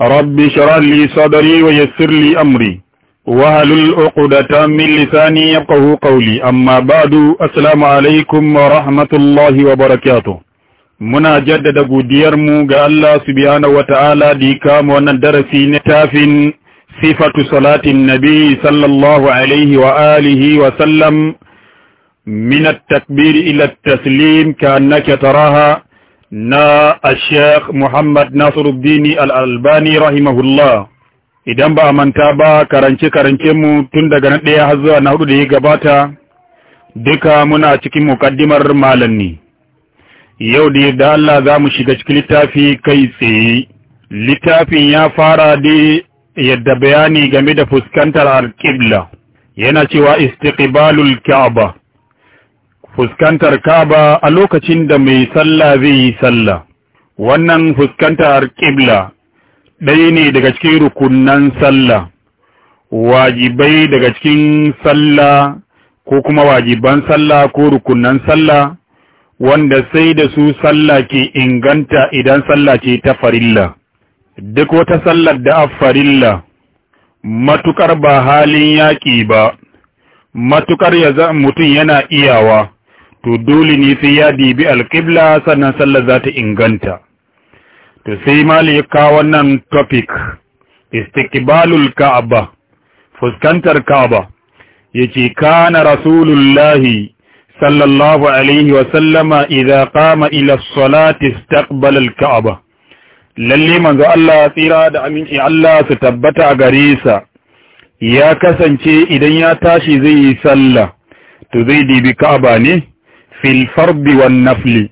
رب شرع لي صدري ويسر لي أمري وهل الأقدة من لساني يبقه قولي أما بعد السلام عليكم ورحمة الله وبركاته منا جدد مو غا الله سبحانه وتعالى دي كام وندرسي نتاف صفة صلاة النبي صلى الله عليه وآله وسلم من التكبير إلى التسليم كأنك تراها na ashek Muhammad Nasiruddini al'albani rahimahullah idan ba a manta ba karance-karance mu tun daga na ɗaya har zuwa na hudu da ya gabata duka muna cikin mukaddimar malami yau da yadda Allah za mu shiga cikin littafi kai tsaye littafin ya fara da yadda bayani game da fuskantar alƙibla yana cewa istiqbalul ka'aba fuskantar kaba a lokacin da mai sallah zai yi sallah wannan fuskantar ƙibla ɗaya ne daga cikin rukunan sallah wajibai daga cikin sallah ko kuma wajiban sallah ko rukunan sallah wanda sai da su sallah ke inganta idan sallah ce ta farilla duk wata sallar da farilla matukar ba halin yaƙi ba matukar ya mutum yana iyawa to dole ne sai ya dibi alƙibla sannan sallar za ta inganta to sai mali ya kawo wannan topic Istikbalul ka'aba fuskantar ka'aba yace kana rasulullahi sallallahu alaihi wa sallama idza qama ila as-salati istaqbala kaaba lalle manzo Allah tsira da aminci Allah su tabbata a gare sa ya kasance idan ya tashi zai yi sallah to zai dibi ka'aba ne fil fardi nafli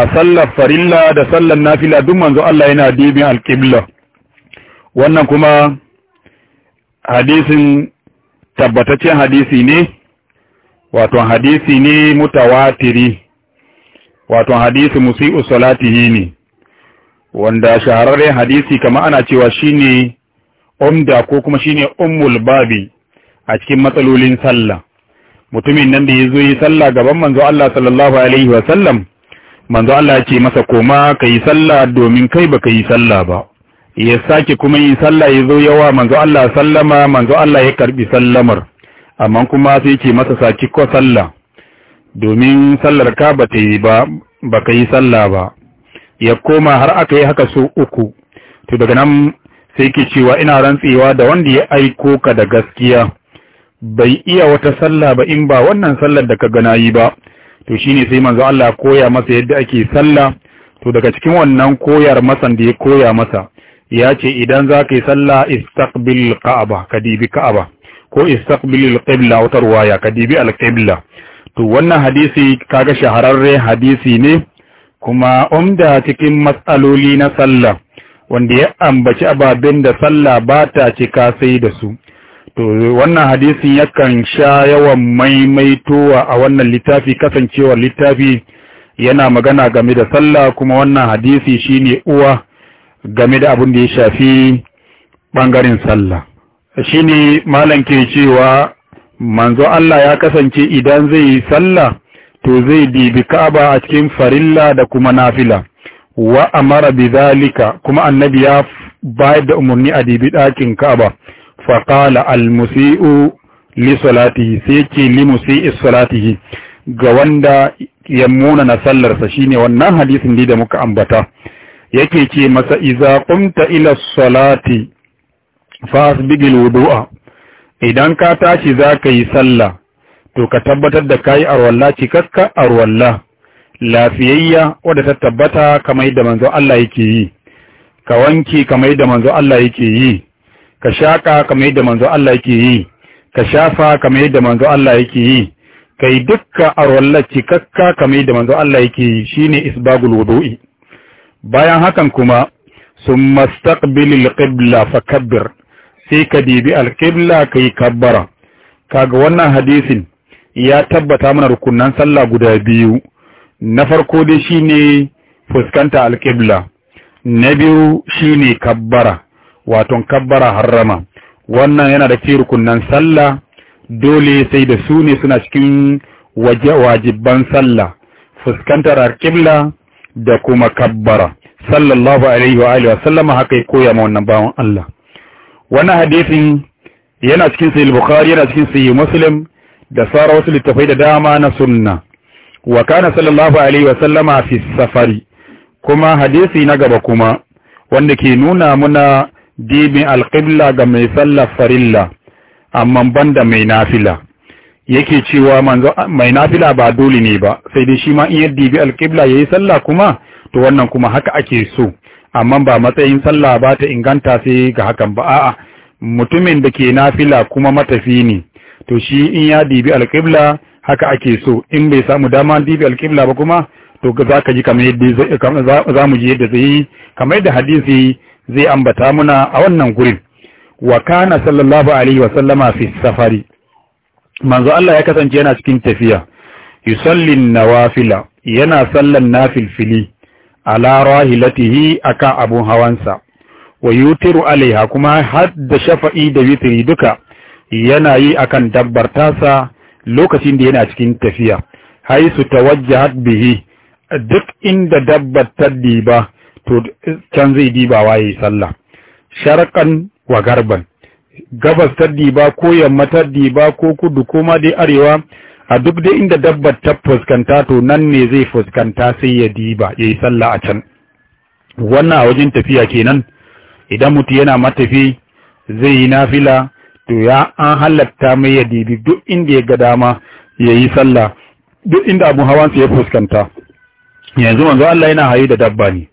a sallar farilla da sallar nafila duk manzo Allah yana dibin alƙibla. wannan kuma hadisin tabbataccen hadisi ne wato hadisi ne mutawatiri wato hadisi musi'u salatihi ne wanda shahararren hadisi kama ana cewa shine umda ko kuma shine ummul babi a cikin matsalolin sallah mutumin nan da ya zo yi sallah gaban manzo Allah sallallahu alaihi wa sallam manzo Allah ya ce masa koma ka yi sallah domin kai baka yi sallah ba ya sake kuma yi sallah ya zo yawa manzo Allah sallama manzo Allah ya karbi sallamar amma kuma sai ce masa saki ko sallah domin sallar ka ba ta yi ba baka yi sallah ba ya koma har aka yi haka so uku to daga nan sai ke cewa ina rantsewa da wanda ya aiko ka da gaskiya bai iya wata sallah ba in ba wannan sallar da ka gana yi ba to shine sai manzo Allah koya masa yadda ake sallah to daga cikin wannan koyar masan da ya koya masa ya ce idan za ka yi sallah istaqbil ka'aba ka dibi ka'aba ko istaqbil qibla wata ruwaya ka dibi alqibla to wannan hadisi ka ga shahararre hadisi ne kuma umda cikin matsaloli na sallah wanda ya ambaci ababen da sallah ba ta cika sai da su to wannan hadisin yakan sha yawan maimaitowa a wannan littafi kasancewar littafi yana magana game da sallah kuma wannan hadisi shine uwa game da abin da ya shafi ɓangaren sallah shine malam ke cewa manzo Allah ya kasance idan zai yi sallah to zai dibi Ka'aba a cikin farilla da kuma nafila wa amara zalika kuma annabi ya bayar da umarni a dibi ɗakin Ka'aba faƙala almusi'u li sai ke limusii musi'i salatihi ga wanda ya muna na sallarsa shine wannan hadisin da muka ambata yake ce masa iza qumta ila salati fasbighil wudu'a idan ka tashi zaka yi sallah to ka tabbatar da kai arwalla cikakka arwalla lafiyayya wadda ta tabbata kamar da manzo Allah yake yi ka wanke kamar da manzo Allah yake yi ka shaƙa kamar yadda manzo Allah yake yi ka shafa kamar yadda manzo Allah yake yi kai dukkan arwallaci kakka kamar yadda manzo Allah yake yi shine isbagul wudu'i bayan hakan kuma summa istaqbilil qibla fakabbir sai ka dibi alqibla kai kabbara kaga wannan hadisin ya tabbata mana rukunan sallah guda biyu na farko dai shine fuskanta alqibla na biyu shine kabbara waton kabbara harrama wannan yana da cikin rukunan sallah dole sai da su ne suna cikin wajibban sallah fuskantar alƙibla da kuma kabbara sallallahu alaihi wa alihi wa sallama haka ya koya ma wannan bawan Allah wannan hadisin yana cikin sahih bukhari yana cikin sahih muslim da sara wasu littafai da dama na sunna wa kana sallallahu alaihi wa sallama fi safari kuma hadisi na gaba kuma wanda ke nuna muna dibin alƙibla ga mai sallar farilla amma banda mai nafila yake cewa mai nafila ba dole ne ba sai dai shi ma in ya dibi ya yi sallah kuma to wannan kuma haka ake so amma ba matsayin sallah ba ta inganta sai ga hakan ba a'a mutumin da ke nafila kuma matafi ne to shi in ya dibi alƙibla haka ake so in bai samu dama dibi alƙibla ba kuma to za ka ji kamar yadda za mu ji yadda zai kamar yadda hadisi zai ambata muna a wannan gurin wa kana sallallahu alaihi wa sallama fi safari manzo Allah ya kasance yana cikin tafiya Yusallin nawafila yana sallan nafilfili ala rahilatihi aka abun hawansa wa yutiru alaiha kuma hadda shafa'i da witri duka yana yi akan dabbar tasa lokacin da yana cikin tafiya haisu tawajjahat bihi duk inda dabbar ta diba to can zai diba waye sallah sharqan wa garban gabas ta diba ko yamma ta diba ko kudu ko ma dai arewa a duk dai inda dabbar ta fuskanta to nan ne zai fuskanta sai ya diba yayi sallah a can wannan a wajen tafiya kenan idan mutum yana matafi zai yi nafila to ya an halatta mai ya dibi duk inda ya ga dama ya yi sallah duk inda abun hawansu ya fuskanta yanzu manzo Allah yana haye da dabba ne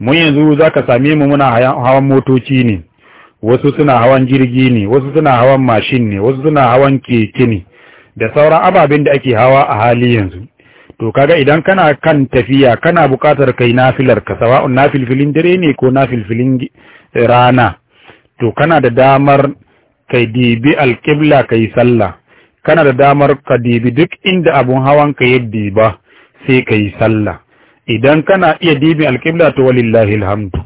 mun yanzu za ka same mu muna hawan motoci ne wasu suna hawan jirgi ne wasu suna hawan mashin ne wasu suna hawan keke ne da sauran ababen da ake hawa a hali yanzu to kaga idan kana kan tafiya kana buƙatar kai nafilar ka sawa'un nafilfilin dare ne ko nafilfilin rana to kana da damar kai dibi alƙibla kai sallah kana da damar ka dibi duk inda abun hawan ka yadda ba sai kai sallah idan kana iya dibi alƙibla to walillahi alhamdu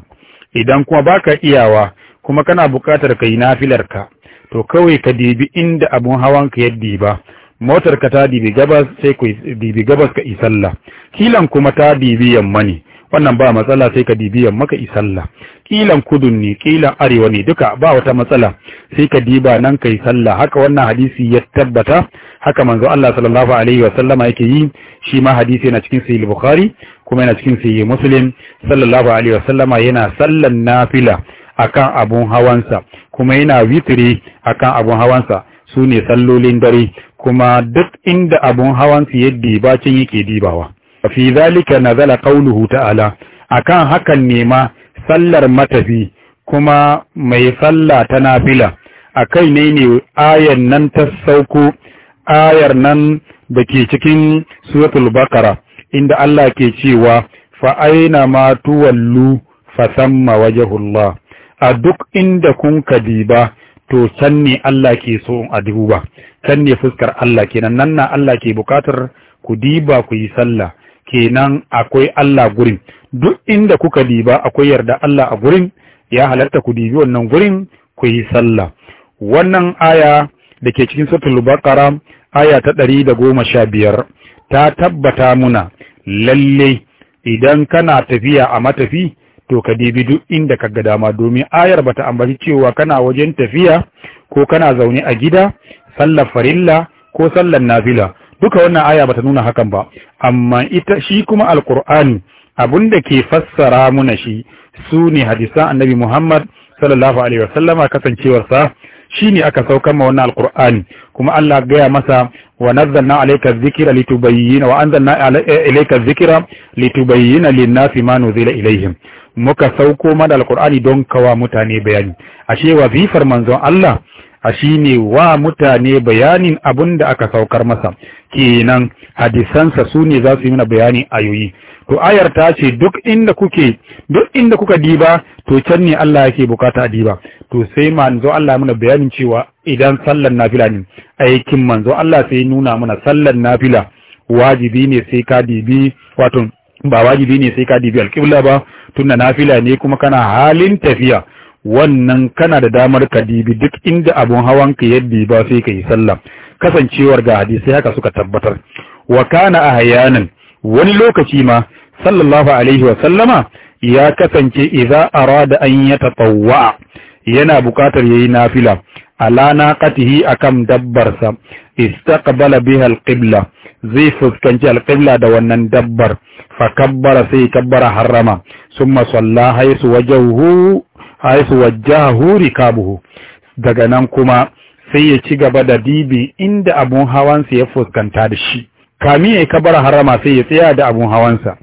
idan kuma baka iyawa kuma kana buƙatar ka yi nafilarka to kawai ka dibi inda abun hawanka ya diba motarka ta dibi gabas sai ku dibi gabas ka isalla kilan kuma ta dibi yamma ne wannan ba matsala sai ka dibi maka isalla kilan kudun ne kilan arewa ne duka ba wata matsala sai ka diba nan ka isalla. haka wannan hadisi ya tabbata haka manzo Allah sallallahu alaihi wa sallama yake yi shi ma hadisi yana cikin sahih bukhari kuma yana cikin sahih muslim sallallahu alaihi wa sallama- yana sallan nafila akan abun hawansa kuma yana witri akan abun hawansa sune sallolin dare kuma duk inda abun hawansa ya bacin yake dibawa fi zalika nazala qawluhu ta'ala akan hakan nema sallar matafi kuma mai salla ta nafila akai ne ne ayar nan ta sauko ayar nan da ke cikin suratul bakara inda Allah ke cewa fa aina ma tuwallu fasamma wajhullah a duk inda kun kadiba to can ne Allah ke so a duba can ne fuskar Allah kenan nan na Allah ke bukatar ku diba ku yi sallah kenan akwai Allah gurin duk inda kuka diba akwai yarda Allah a gurin ya halarta ku dibi wannan gurin ku yi sallah wannan aya da ke cikin suratul baqara aya ta ɗari da goma sha biyar ta tabbata muna lalle idan kana tafiya a matafi to ka dibi duk inda ka ga dama domin ayar bata ambaci cewa kana wajen tafiya ko kana zaune a gida sallar farilla ko sallar nafila duka wannan aya bata nuna hakan ba amma ita shi kuma alqur'ani da ke fassara muna shi su ne hadisan annabi Muhammad sallallahu alaihi wasallama kasancewarsa shi ne aka saukar ma wannan alkur'ani kuma Allah gaya masa wa nazzalna alayka dhikra litubayyana wa anzalna eh, ilayka dhikra litubayyana lin-nasi ma nuzila ilayhim muka sauko mana da alkur'ani don kawa mutane bayani ashe wazifar manzon Allah a shine wa mutane bayanin abin da aka saukar masa kenan hadisansa su ne za su yi mana bayanin ayoyi to ayar ta ce duk inda kuke duk inda kuka diba to can ne Allah yake bukata a diba to sai manzo Allah muna bayanin cewa idan sallar nafila ne aikin manzo Allah sai nuna mana sallar nafila wajibi ne sai ka dibi wato ba wajibi ne sai ka dibi alƙibla ba tunda nafila ne kuma kana halin tafiya wannan kana da damar ka dibi duk inda abun hawanka yadda ba sai ka yi sallah kasancewar ga hadisi haka suka tabbatar wa kana ahyanan wani lokaci ma sallallahu alaihi wa sallama ya kasance idza arada an yatatawwa yana bukatar yayi nafila ala naqatihi dabbar dabbarsa istaqbala biha alqibla zai fuskanci alqibla da wannan dabbar fa kabbara sai kabbara harrama summa salla haythu wajhuhu haisu huri rikabuhu daga nan kuma sai ya ci gaba da dibi inda abun hawansa ya fuskanta da shi kami ya kabara harama sai ya tsaya da abun hawansa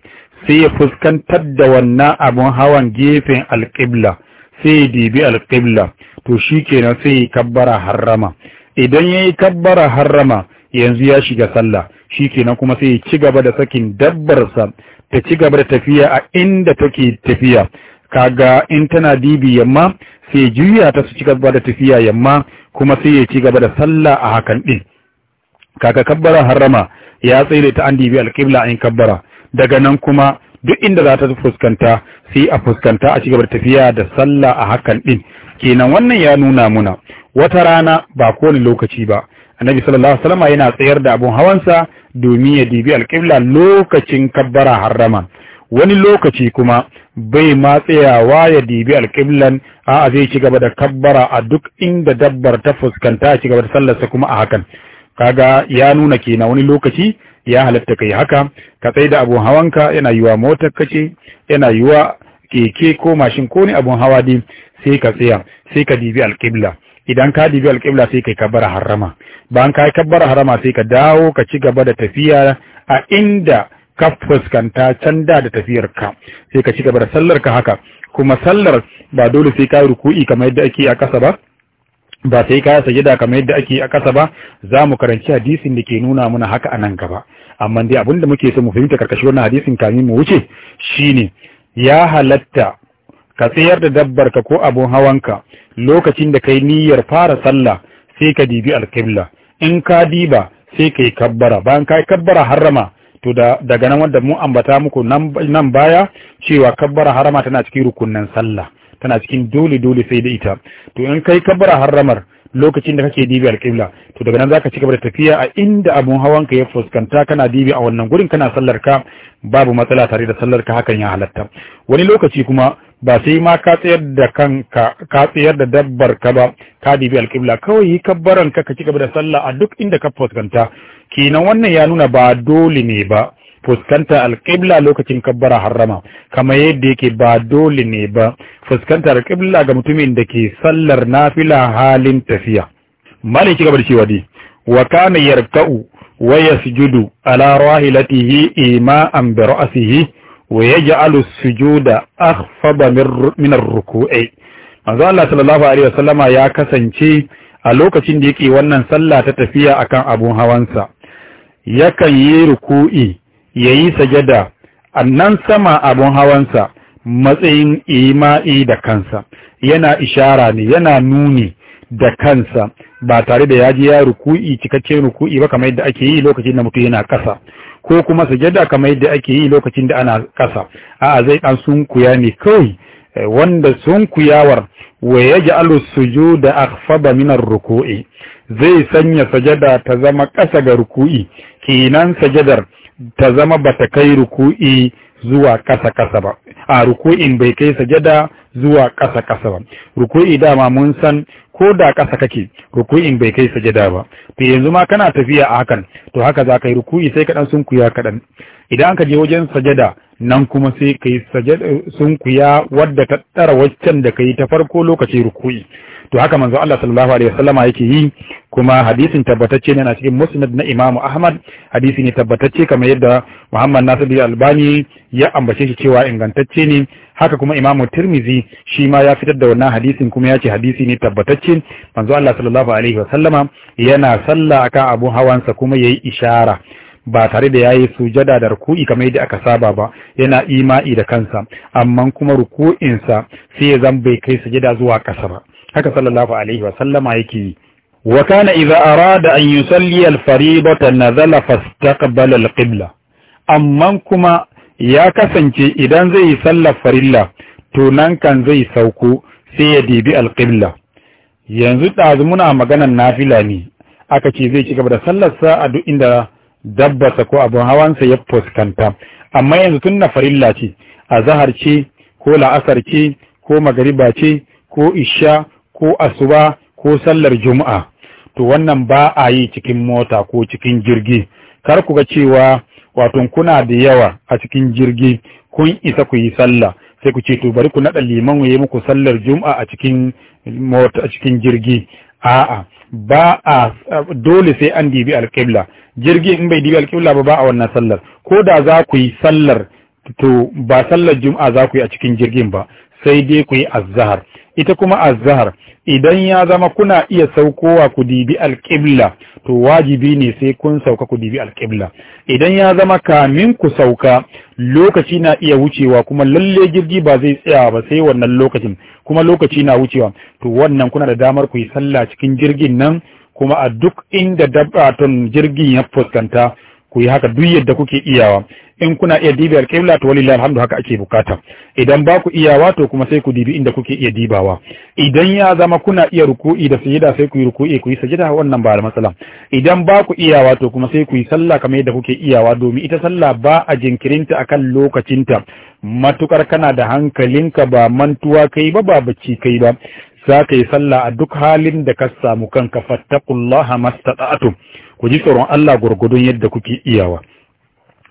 sai ya fuskantar da wannan abun hawan gefen alƙibla sai ya dibi alƙibla to shi kenan sai ya kabbara harama idan ya yi kabbara harama yanzu ya shiga sallah shi kenan kuma sai ya ci gaba da sakin dabbarsa ta ci gaba da tafiya a inda take tafiya kaga in tana dibi yamma sai juya ta su ci gaba da tafiya yamma kuma sai ya ci gaba da sallah a hakan din kaga kabbara harrama ya tsere ta an dibi alqibla in kabbara daga nan kuma duk inda za ta fuskanta sai a fuskanta a ci gaba da tafiya da sallah a hakan din kenan wannan ya nuna muna wata rana ba kowane lokaci ba annabi sallallahu alaihi wasallam yana tsayar da abun hawansa domin ya dibi alqibla lokacin kabbara harrama wani lokaci kuma bai ma tsayawa ya dibi alƙiblan a zai ci gaba da kabbara a duk inda dabbar ta fuskanta ci gaba da sallarsa kuma a hakan kaga ya nuna kenan wani lokaci ya halatta kai haka ka tsaye da abun hawanka yana yiwa motar kace yana yiwa keke ko mashin ko ne abun hawa din sai ka tsaya sai ka dibi alƙibla idan ka dibi alƙibla sai kai kabbara harama bayan ka kabbara harama sai ka dawo ka ci gaba da tafiya a inda ka fuskanta can da da tafiyarka sai ka ci gaba da sallar ka haka kuma sallar ba dole sai ka yi ruku'i kamar yadda ake a ƙasa ba ba sai ka sajada kamar yadda ake a ƙasa ba za mu karanci hadisin da ke nuna mana haka a nan gaba amma dai abinda muke so mu fahimta karkashin wannan hadisin kamin mu wuce shine ya halatta ka tsayar da dabbar ka ko abun hawan ka lokacin da kai niyyar fara sallah sai ka dibi alƙibla in ka diba sai kai kabbara bayan yi kabbara harrama to daga nan wanda mu ambata muku nan baya cewa kabbara harama tana cikin rukunnan sallah tana cikin dole dole sai da ita to in kai kabbara haramar lokacin da kake dibi alƙibla to daga nan zaka cigaba da tafiya a inda abun hawan ka ya fuskanta kana dibi a wannan gurin kana sallar ka babu matsala tare da sallar ka hakan ya halatta wani lokaci kuma ba sai ma ka tsayar da kanka ka tsayar da dabbar ka ba ka dibi alƙibla kawai yi kabbaran ka ka cigaba da sallah a duk inda ka fuskanta kenan wannan ya nuna ba dole ne ba fuskanta alƙibla lokacin kabbara harrama kamar yadda yake ba dole ne ba fuskanta alƙibla ga mutumin da ke sallar nafila halin tafiya malai ci gaba da cewa dai wa kana yarka'u wa yasjudu ala rahilatihi ima'an bi ra'sihi wa yaj'alu sujuda akhfada min ar-ruku'i manzo Allah sallallahu alaihi wasallama ya kasance a lokacin da yake wannan sallah ta tafiya akan abun hawansa yakan yi ruku'i ya yi sajada annan sama abin hawansa matsayin ima'i da kansa yana ishara ne yana nuni da kansa ba tare da yaji ya ruku'i cikakken ruku'i ba kamar yadda ake yi lokacin da mutum yana kasa ko kuma sajada kamar yadda ake yi lokacin da ana kasa a'a zai dan kuya ne kawai eh, wanda sun kuyawar wa yaj'alu sujuda akhfada min ar-ruku'i zai sanya sajada ta zama ƙasa ga ruku'i kenan sajadar ta zama bata kai ruku'i zuwa ƙasa ƙasa ba a ruku'in bai kai sajada zuwa ƙasa ƙasa ba ruku'i dama mun san ko da ƙasa kake ruku'in bai kai sajada ba to yanzu ma kana tafiya a hakan to haka za ka yi ruku'i sai kaɗan sunkuya kaɗan idan ka je wajen sajada nan kuma sai ka yi kuya wadda ta ɗara waccan da ka yi ta farko lokacin ruku'i to haka manzo Allah sallallahu alaihi wasallama yake yi kuma hadisin tabbatacce ne na cikin musnad na Imam Ahmad hadisi ne tabbatacce kamar yadda Muhammad Nasir Albani ya ambace shi cewa ingantacce ne haka kuma Imam Tirmizi shi ma ya fitar da wannan hadisin kuma ya ce hadisi ne tabbatacce manzo Allah sallallahu alaihi wasallama yana sallah akan abun hawansa kuma yayi ishara ba tare da yayi sujada da ruku'i kamar yadda aka saba ba yana ima'i da kansa amma kuma ruku'insa sai ya zan bai kai sujada zuwa kasa ba haka sallallahu alaihi wa sallama yake yi wa kana idza arada an yusalli al-fariidata nazala fastaqbala al-qibla amma kuma ya kasance idan zai yi sallar farilla to nan kan zai sauko sai ya dibi al-qibla yanzu dazu muna maganan nafila ne aka ce zai ci gaba da sallarsa a duk inda dabbasa ko abin hawansa ya fuskanta amma yanzu tun na farilla ce a ce ko la'asar ce ko magariba ce ko isha ko asuba ko sallar juma'a to wannan ba a yi cikin mota ko cikin jirgi kar ku ga cewa wato kuna da yawa a cikin jirgi kun isa ku yi sallah sai ku ce to bari ku naɗa liman ya yi muku sallar juma'a a cikin mota a cikin jirgi a'a ba a dole sai an dibi alƙibla jirgi in bai dibi alƙibla ba ba a wannan sallar ko da za ku yi sallar to ba sallar juma'a za ku yi a cikin jirgin ba sai dai ku yi azhar ita kuma azhar idan ya zama kuna iya saukowa ku dibi alqibla to wajibi ne sai kun sauka ku dibi alqibla idan ya zama kamin ku sauka lokaci na iya wucewa kuma lalle jirgi ba zai tsaya ba sai wannan lokacin kuma lokaci na wucewa to wannan kuna da damar ku yi sallah cikin jirgin nan kuma a duk inda dabbatun jirgin ya fuskanta ku yi haka duk yadda kuke iyawa in kuna iya dibi alƙibla to walillahi alhamdu haka ake bukata idan ba ku iyawa to kuma sai ku dibi inda kuke iya dibawa idan ya zama kuna iya ruku'i da sujada sai ku yi ruku'i ku yi sujada wannan ba matsala idan ba ku iyawa to kuma sai ku yi sallah kamar yadda kuke iyawa domin ita sallah ba a jinkirinta akan lokacinta matukar kana da hankalinka ba mantuwa kai ba ba bacci kai ba za ka yi sallah a duk halin da ka samu kanka fattakullaha mastata'tum ku ji tsoron Allah gurgudun yadda kuke iyawa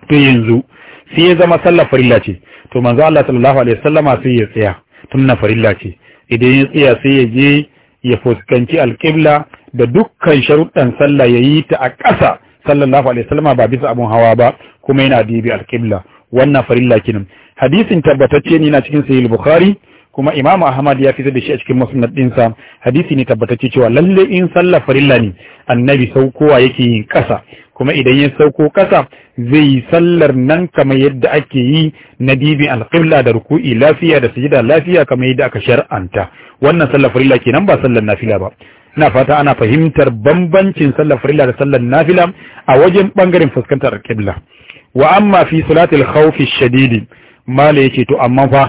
to yanzu sai ya zama sallar farilla ce to manzo Allah sallallahu alaihi wasallama sai ya tsaya tunna farilla ce idan ya tsaya sai ya je ya fuskanci alqibla da dukkan sharuɗan sallah yayi ta a ƙasa sallallahu alaihi wasallama ba bisa abun hawa ba kuma yana dibi alqibla wannan farilla kinin hadisin tabbatacce ne na cikin sahih bukhari kuma imamu ahmad ya fi da shi a cikin musnad dinsa hadisi ne tabbatacce cewa lalle in sallah farilla ne annabi saukowa yake yin kasa kuma idan ya sauko kasa zai yi sallar nan kamar yadda ake yi na dibi alqibla da ruku'i lafiya da sujida lafiya kamar yadda aka shar'anta wannan sallar farilla kenan ba sallar nafila ba ina fata ana fahimtar bambancin sallar farilla da sallar nafila a wajen bangaren fuskantar alqibla wa amma fi salatil khawfi shadidi mala yake to amma fa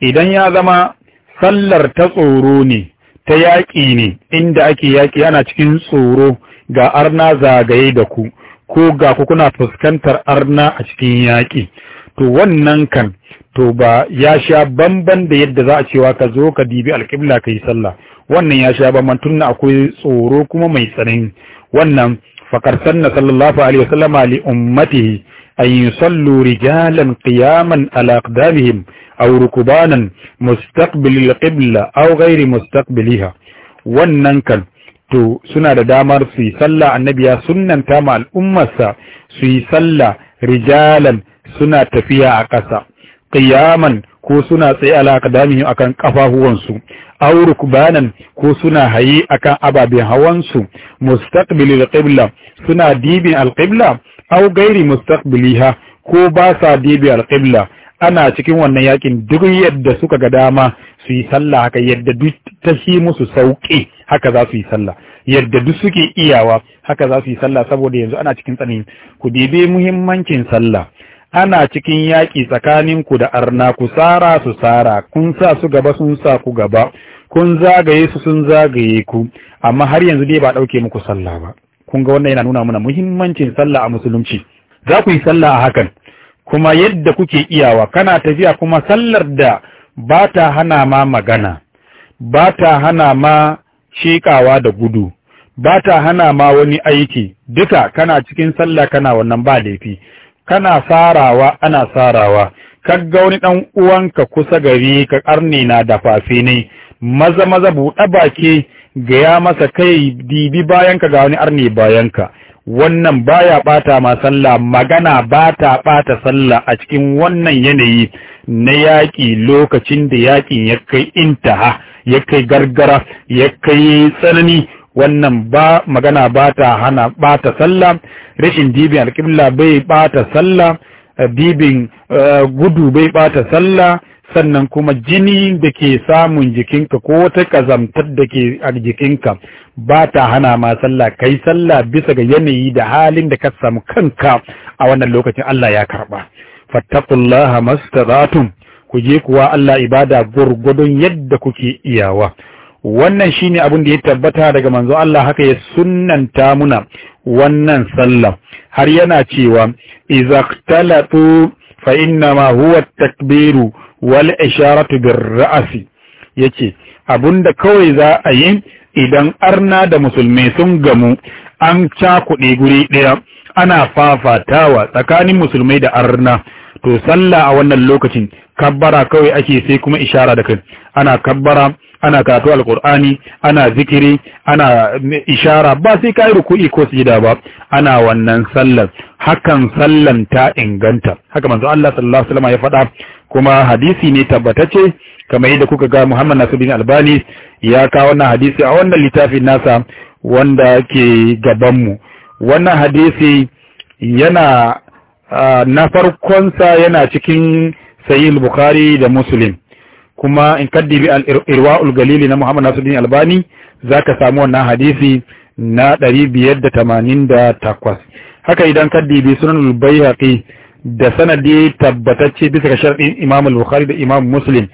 idan ya zama sallar ta tsoro ne ta yaƙi ne inda ake yaƙi yana cikin tsoro ga arna zagaye da ku ko ga ku kuna fuskantar arna a cikin yaƙi to wannan kan to ba ya sha bamban da yadda za a cewa ka zo ka dibi alƙibla ka yi sallah wannan ya sha bamban tunna akwai tsoro kuma mai tsanani wannan fakar sanna sallallahu alaihi wasallama li ummatihi an yusallu rijalan qiyaman ala aqdamihim aurukubanan rukbanan mustaqbil qibla aw ghairi mustaqbiliha wannan kan to suna da damar su yi sallah annabiya ya sunnanta ma al'ummarsa su yi sallah rijalan suna tafiya a ƙasa qiyaman ko suna tsaye ala qadamihi akan kafahuwansu aw rukbanan ko suna haye akan ababen hawansu mustaqbil qibla suna dibin alqibla aw ghairi mustaqbiliha ko ba sa dibi alqibla ana cikin wannan yakin duk yadda suka ga dama su yi sallah haka yadda duk ta shi musu sauƙi haka za su yi sallah yadda duk suke iyawa haka za su yi sallah saboda yanzu ana cikin tsanani ku dibe muhimmancin sallah ana cikin yaƙi tsakanin ku da arna ku tsara su tsara kun sa su gaba sun sa ku gaba kun zagaye su sun zagaye ku amma har yanzu dai ba ɗauke muku sallah ba kun ga wannan yana nuna mana muhimmancin sallah a musulunci za ku yi sallah a hakan kuma yadda kuke iyawa kana tafiya kuma sallar da ba ta hana ma magana ba ta hana ma shekawa da gudu ba ta hana ma wani aiki duka kana cikin sallah kana wannan ba laifi kana sarawa ana sarawa kaga wani dan uwanka kusa gari ka karni na dafafe ne maza maza buɗe baki ga ya masa kai dibi ka, ga wani arni bayanka wannan baya ɓata ma sallah magana bata ɓata sallah a cikin wannan yanayi na yaƙi lokacin da yaƙin ya kai intaha ya kai gargara ya kai tsanani wannan ba magana bata hana bata sallah rashin dibin alƙibla bai bata sallah dibin eh, gudu bai bata sallah sannan kuma jini da ke samun jikinka ko wata kazamtar da ke a jikinka ba ta hana ma sallah kai sallah bisa ga yanayi da halin da ka samu kanka a wannan lokacin Allah ya karba fattaqullaha Zatun ku je kuwa Allah ibada gurgudun yadda kuke iyawa wannan shine abin da ya tabbata daga manzo Allah haka ya sunnanta muna wannan sallah har yana cewa izaqtalatu fa inna ma huwa takbiru wal isharatu bir ra'si yace abunda kawai za a yi idan arna da musulmi sun gamu an cakuɗe guri ɗaya ana fafatawa tsakanin musulmai da arna to sallah a wannan lokacin kabbara kawai ake sai kuma ishara da kai ana kabbara ana karatu alkur'ani ana zikiri ana ishara ba sai kai ruku'i ko sujada ba ana wannan sallar hakan sallan ta inganta haka manzo Allah sallallahu alaihi wasallam ya faɗa kuma hadisi ne tabbatacce kamar yadda kuka ga Muhammad Nasiruddin Albani ya kawo wannan hadisi a wannan littafin nasa wanda ke gaban mu wannan hadisi yana ah, na farkonsa yana cikin sahih Bukhari da Muslim kuma in kaddibi al galili na Muhammad Nasiruddin Albani zaka samu wannan hadisi na 588 haka idan kaddibi sunan al-Baihaqi da sanadi tabbatacce bisa ga sharɗin Imam al-Bukhari da Imam Muslim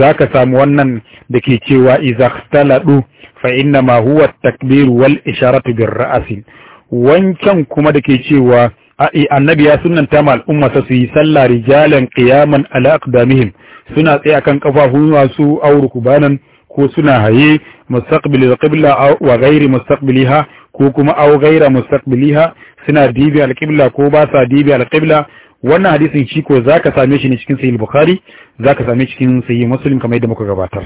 zaka samu wannan dake cewa izaktaladu fa inna ma huwa at-takbir wal isharatu bir-ra'si wancan kuma dake cewa annabi ya sunanta ma al'umma su yi sallah rijalan qiyaman ala aqdamihim suna tsaye akan kafafun wasu aw rukubanan ko suna haye mustaqbilil alqibla wa ghairi mustaqbiliha ko kuma aw ghaira mustaqbiliha suna dibi alqibla ko ba sa dibi alqibla wannan hadisin shi ko zaka same shi ne cikin sahih bukhari zaka same cikin sahih muslim kamar yadda muka gabatar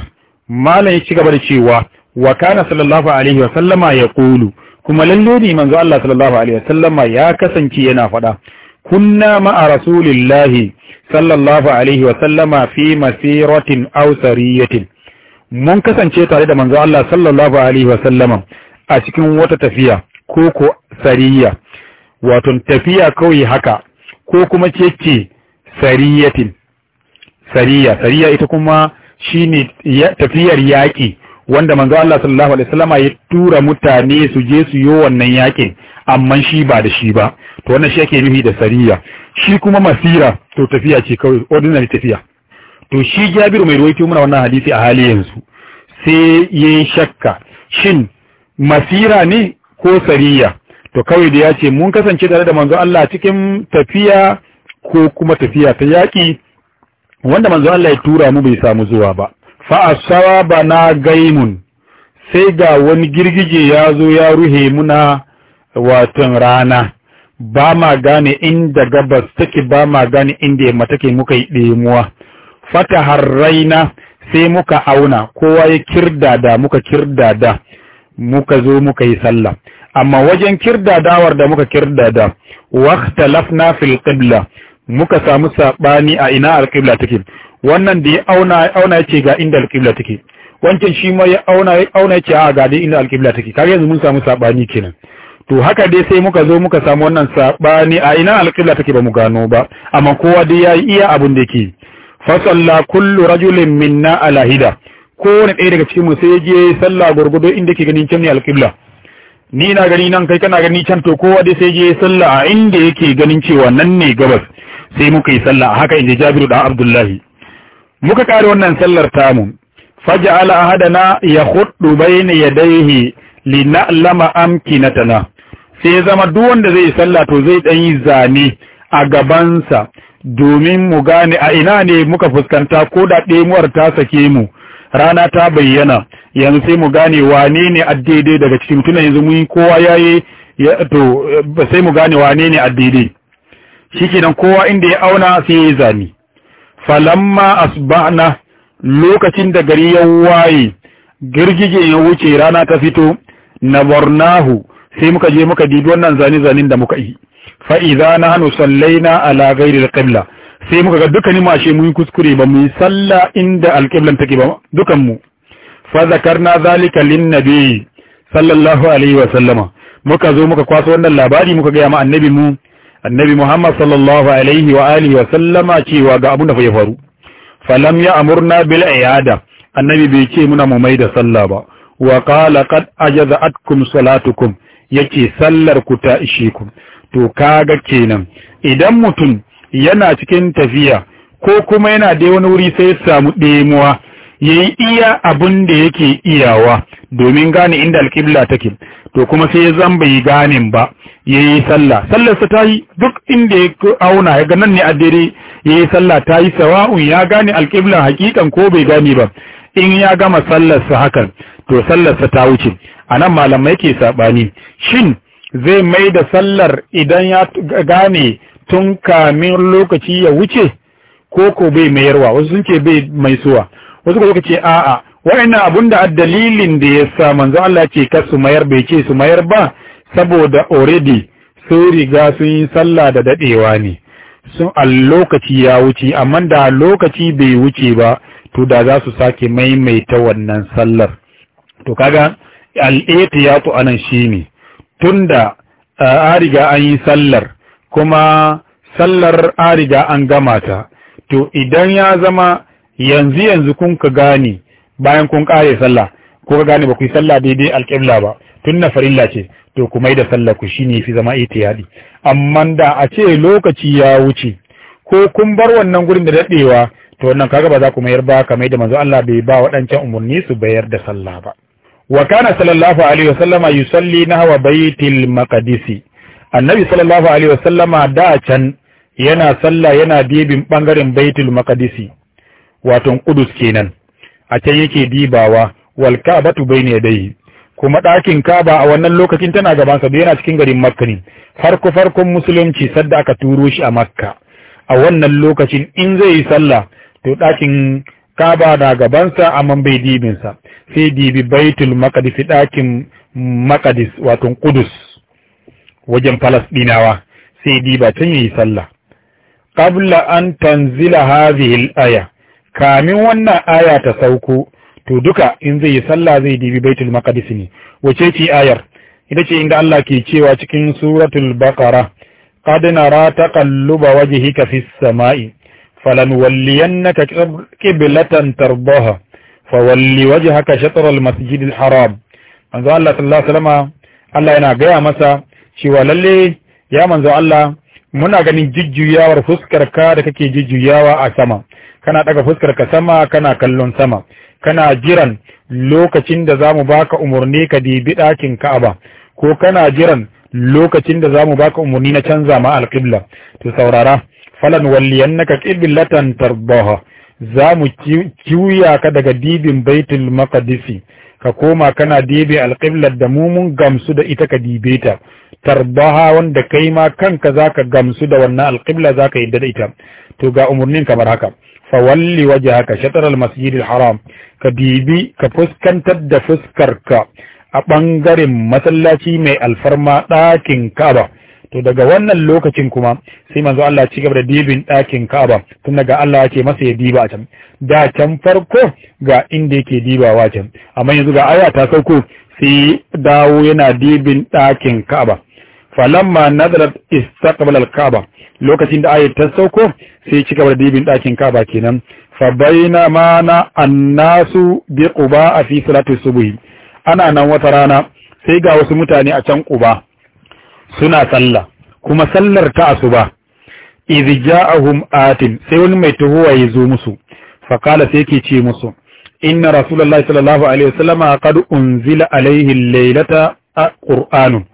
malam ya ci gaba da cewa wa kana sallallahu alaihi wa sallama yaqulu kuma lalle ne manzo Allah sallallahu alaihi wasallama ya kasance yana faɗa kunna ma'a rasulillahi sallallahu alaihi wasallama fi masiratin aw sariyatin mun kasance tare da manzo Allah sallallahu alaihi wasallama a cikin wata tafiya ko ko sariya wato tafiya kawai haka ko kuma cece sariyatin sariya sariya ita kuma shine tafiyar yaƙi wanda manzo Allah sallallahu alaihi wasallama ya tura mutane su je su yo wannan yakin amma shi ba da shi ba to wannan shi yake nufi da sariya shi kuma masira to tafiya ce kawai ordinary tafiya to shi Jabir mai ruwaito muna wannan hadisi a hali yanzu sai yayin shakka shin masira ne ko sariya to kawai da yace mun kasance tare da manzo Allah cikin tafiya ko kuma tafiya ta yaki? wanda manzo Allah ya tura mu bai samu zuwa ba fa'asawa bana bana gaimun sai ga wani girgije ya zo ya ruhe muna watan rana ba ma gane inda gabas take ba ma gane inda yamma take muka yi ɗemuwa fata harraina sai muka auna kowa ya kirdada muka kirdada muka zo muka yi sallah amma wajen kirdadawar da muka kirdada waqtalafna fil qibla muka samu saɓani a ina alqibla take wannan da ya auna auna yace ga inda alqibla take wancan shi ma ya auna ya auna a ga inda alqibla take kage yanzu mun samu sabani kenan to haka dai sai muka zo muka samu wannan sabani a ina alqibla take ba mu gano ba amma kowa dai yayi iya abun da yake fa salla kullu rajulin minna ala hida kowane ɗaya daga cikin mu sai je sallah gurgudo inda ke ganin can ne alqibla ni na gani nan kai kana gani can to kowa dai sai je sallah a inda yake ganin cewa nan ne gabas sai muka yi sallah haka inda Jabiru da Abdullahi muka kare wannan sallar tamu faj'ala ahadana yakhuddu bayna yadayhi na amkinatana sai zama duk wanda zai sallah to zai dan yi zane a gabansa domin mu gane a ina ne muka fuskanta ko da ɗemuwar ta sake mu rana ta bayyana yanzu sai mu gane wane ne a daidai daga cikin tunan yanzu mun kowa yayi to sai mu gane wane ne a daidai shikenan kowa inda ya auna sai ya yi zane falamma asba'na lokacin da gari ya waye girgije ya wuce rana ta fito na nabarnahu sai muka je muka dibi wannan zane-zanen da muka yi fa idza nahnu sallaina ala ghairi alqibla sai muka ga dukkanin mu ashe mun kuskure ba mu yi salla inda al take ba dukan mu fa zakarna zalika lin-nabi sallallahu alaihi wa sallama muka zo muka kwaso wannan labari muka ga ma annabi mu annabi muhammad sallallahu alaihi wa alihi wa sallama cewa ga abun da fa ya faru falam ya amurna bil iyada annabi bai ce muna mu mai da sallah ba wa qala qad ajza'atkum salatukum yace sallar ku ta ishe ku to kaga kenan idan mutum yana cikin tafiya ko kuma yana da wani wuri sai ya samu ɗemuwa ya yi iya abin da yake iyawa domin gane inda alƙibla take to kuma sai ya zan bai ganin ba ya yi sallah sallarsa ta yi duk inda ya auna ya ganan ne a dare ya yi sallah ta yi sawa'un ya gane alƙibla hakikan ko bai gane ba in ya gama sallarsa hakan to sallarsa ta wuce a nan malamai ke saɓani shin zai mai da sallar idan ya gane tun kamin lokaci ya wuce ko ko bai mayarwa wasu sun ce bai mai suwa wasu suka ce a'a wa'annan abun da dalilin da ya sa manzo Allah ce kar su mayar bai ce su mayar ba saboda already sun riga sun yi sallah da daɗewa ne sun a lokaci ya wuce amma da lokaci bai wuce ba to da za su sake maimaita wannan sallar to kaga ya to anan shine tunda a riga an yi sallar kuma sallar a riga an gama ta to idan ya zama yanzu yanzu kun ka gane bayan kun kare sallah ko ka gane ba ku yi sallah daidai alƙibla ba tun na farilla ce to ku mai da sallah ku shine fi zama ita yadi amma da a ce lokaci ya wuce ko kun bar wannan gurin da daɗewa, to wannan kaga ba za ku mayar ba kamar da manzo Allah bai ba waɗancan umurni su bayar da sallah ba wa kana sallallahu alaihi wa sallama yusalli nahwa baitil maqdis annabi sallallahu alaihi wa sallama da can yana sallah yana dibin bangaren baitul maqdis Waton ƙudus kenan a can yake dibawa wal Ka'batu bayna yadayhi kuma ɗakin Ka'aba a wannan lokacin tana gaban sa yana cikin garin Makka ne farko farkon musulunci sadda aka turo shi a Makka a wannan lokacin in zai yi sallah to ɗakin Ka'aba na gaban sa amma bai dibin sa sai dibi Baitul Maqdis ɗakin Maqdis wato Qudus wajen Falasɗinawa sai diba can yayi sallah qabla an tanzila hadhihi al-aya kamin wannan aya ta sauko to duka in zai yi sallah zai dibi baitul maqdis ne wace ce ayar ita ce inda Allah ke cewa cikin suratul baqara qad nara taqalluba wajhika fis sama'i falanwalliyannaka qiblatan tardaha fawalli wajhaka shatr al masjid al haram manzo Allah sallallahu alaihi wasallam Allah yana gaya masa cewa lalle ya manzo Allah muna ganin jujjuyawar fuskar ka da kake jujjuyawa a sama kana daga fuskar ka sama kana kallon sama kana jiran lokacin da zamu baka umurni ka dibi dakin Ka'aba ko kana jiran lokacin da zamu baka umurni na canza ma alƙibla to saurara falan walliyannaka qiblatan tardaha zamu kiwuya ka daga dibin Baitul Maqdis ka koma kana dibe alqiblar da mu mun gamsu da ita ka dibe ta tarbaha wanda kai ma kanka zaka gamsu da wannan alqibla zaka yi da ita to ga umurnin kamar haka fawalli wajhaka shatar al-masjid haram ka dibi ka fuskantar da fuskarka a ɓangaren masallaci mai alfarma ɗakin Ka'aba to daga wannan lokacin kuma sai manzo Allah ci gaba da dibin ɗakin Ka'aba tun daga Allah yake masa ya diba can da can farko ga inda yake dibawa can amma yanzu ga aya ta sauko sai dawo yana dibin ɗakin Ka'aba falamma nadarat istaqbala al-kaaba lokacin da ayi ta sauko sai ci gaba da dibin dakin kaaba kenan fa baina na annasu bi quba fi salati subh ana nan wata rana sai ga wasu mutane a can quba suna sallah kuma sallar ta asuba idh ja'ahum atin sai wani mai tuhuwa ya zo musu fa kala sai yake ce musu inna rasulullahi sallallahu alaihi wasallama qad unzila alaihi al-lailata qur'anun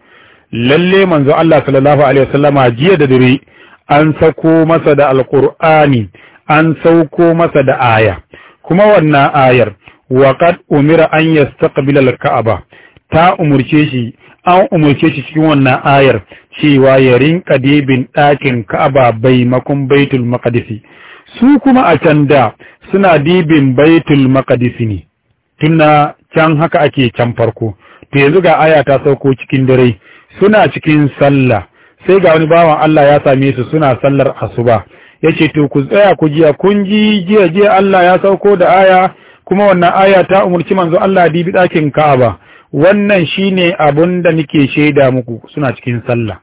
lalle manzo Allah sallallahu alaihi wasallama jiya da dare an sako masa da alqur'ani an sauko masa da aya kuma wannan ayar waqad umira an yastaqbila alka'aba ta umurce shi an umurce shi cikin wannan ayar cewa ya rinka debin ɗakin ka'aba bai baimakon baitul maqdisi su kuma a can da suna dibin baitul maqdisi ne tunna can haka ake can farko to yanzu ga aya ta sauko cikin dare suna cikin sallah sai ga wani bawan Allah ya same su suna sallar asuba ya ce to ku tsaya ku jiya kun ji jiya jiya Allah ya sauko da aya kuma wannan aya ta umurci manzo Allah dibi dakin Ka'aba wannan shine abun da nake shaida muku suna cikin sallah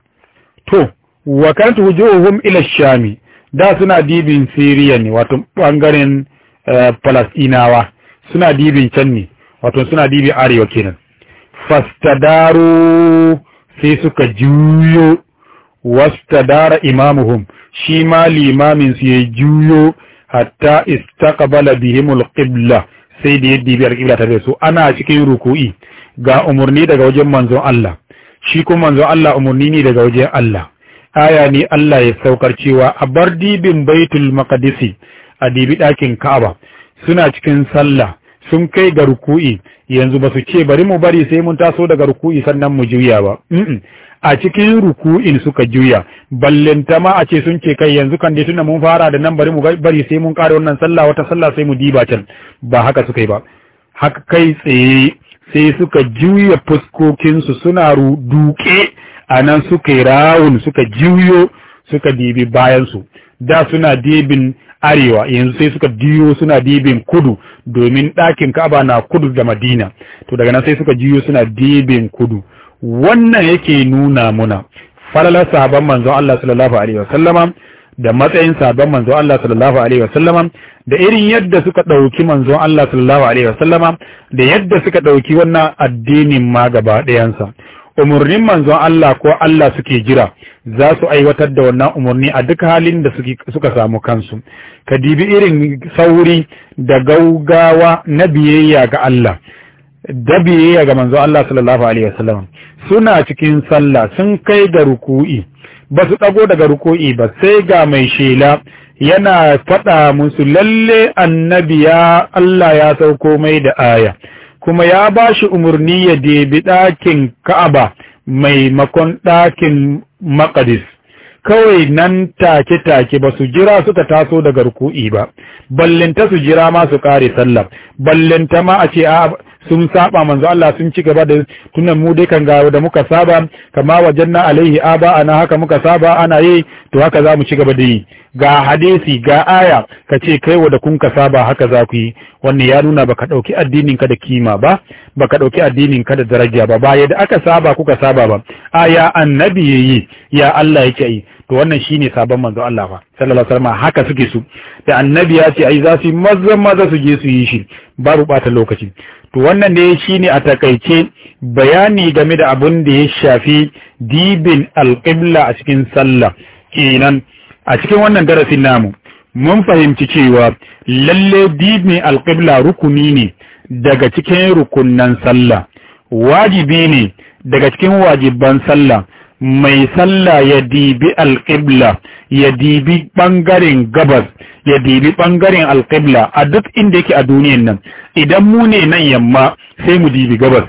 to wa kanat wujuhum ila shami da suna dibin Syria ne wato bangaren Palestinawa eh, suna dibin can ne wato suna dibi arewa kenan fastadaru sai suka juyo dara imamuhum shi ma limamin su ya juyo hatta istaqbala bihimul qibla sai da yadda biyar qibla ta su ana cikin ruku'i ga umurni daga wajen manzon Allah shi kuma manzon Allah umurni ne daga wajen Allah aya ne Allah ya saukar cewa a bar dibin baitul maqdisi a dibi ɗakin Ka'aba suna cikin sallah sun kai ga ruku'i yanzu ba su ce bari mu bari sai mun taso daga ruku'i sannan mu juya ba a cikin ruku'in suka juya ballanta ma a ce sun ce kai yanzu kan dai tunda mun fara da nan bari mu bari sai mun kare wannan sallah wata sallah sai mu diba can ba haka suka yi ba haka kai tsaye sai suka juya fuskokinsu suna duke a nan suka yi rawun suka juyo suka dibi bayan su da suna dibin arewa yanzu sai suka diyo suna dibin kudu domin ɗakin ka'aba na kudu da madina to daga nan sai suka jiyo suna dibin kudu wannan yake nuna muna falalar sahabban manzo Allah sallallahu alaihi sallama da matsayin sahabban manzo Allah sallallahu alaihi sallama da irin yadda suka dauki manzo Allah sallallahu alaihi sallama da yadda suka dauki wannan addinin ma gaba ɗayansa umurnin manzo Allah ko Allah suke jira za su aiwatar da wannan umarni a duk halin da suka samu kansu ka dibi irin sauri da gaugawa na biyayya ga Allah da biyayya ga manzo Allah sallallahu alaihi wasallam suna cikin sallah sun kai ga ruku'i ba su dago daga ruku'i ba sai ga mai shela yana faɗa musu lalle annabi ya Allah ya sauko mai da aya kuma ya ba shi umarni ya debi ɗakin Ka'aba maimakon ɗakin makadis kawai nan take-take ba su jira suka taso daga ruku'i ba ballinta su jira ma su ƙare sallah ballinta ma a ce a sun saba manzo Allah sun ci gaba da tunan mu dai kan ga da muka saba kama wajanna alaihi aba ana haka muka saba ana yi to haka za mu ci gaba da yi ga hadisi ga aya ka ce kai wa da kun ka saba haka za ku yi wannan ya nuna baka dauki addinin ka da kima ba baka dauki addinin ka da daraja ba ba yadda aka saba kuka saba ba aya annabi yayi ya Allah yake yi to wannan shine sabon manzo Allah fa sallallahu alaihi wasallam haka suke su da annabi ya ce ai za su mazan maza su je su yi shi babu bata lokaci to wannan ne shine a takaice bayani game da abun da ya shafi dibin alqibla a cikin sallah kenan a cikin wannan darasin namu mun fahimci cewa lalle dibin alqibla rukuni ne daga cikin rukunnan sallah wajibi ne daga cikin wajiban sallah mai sallah ya dibi alƙibla ya dibi ɓangaren gabas ya dibi ɓangaren alƙibla a duk inda yake a duniyan nan idan mu ne nan yamma sai mu dibi gabas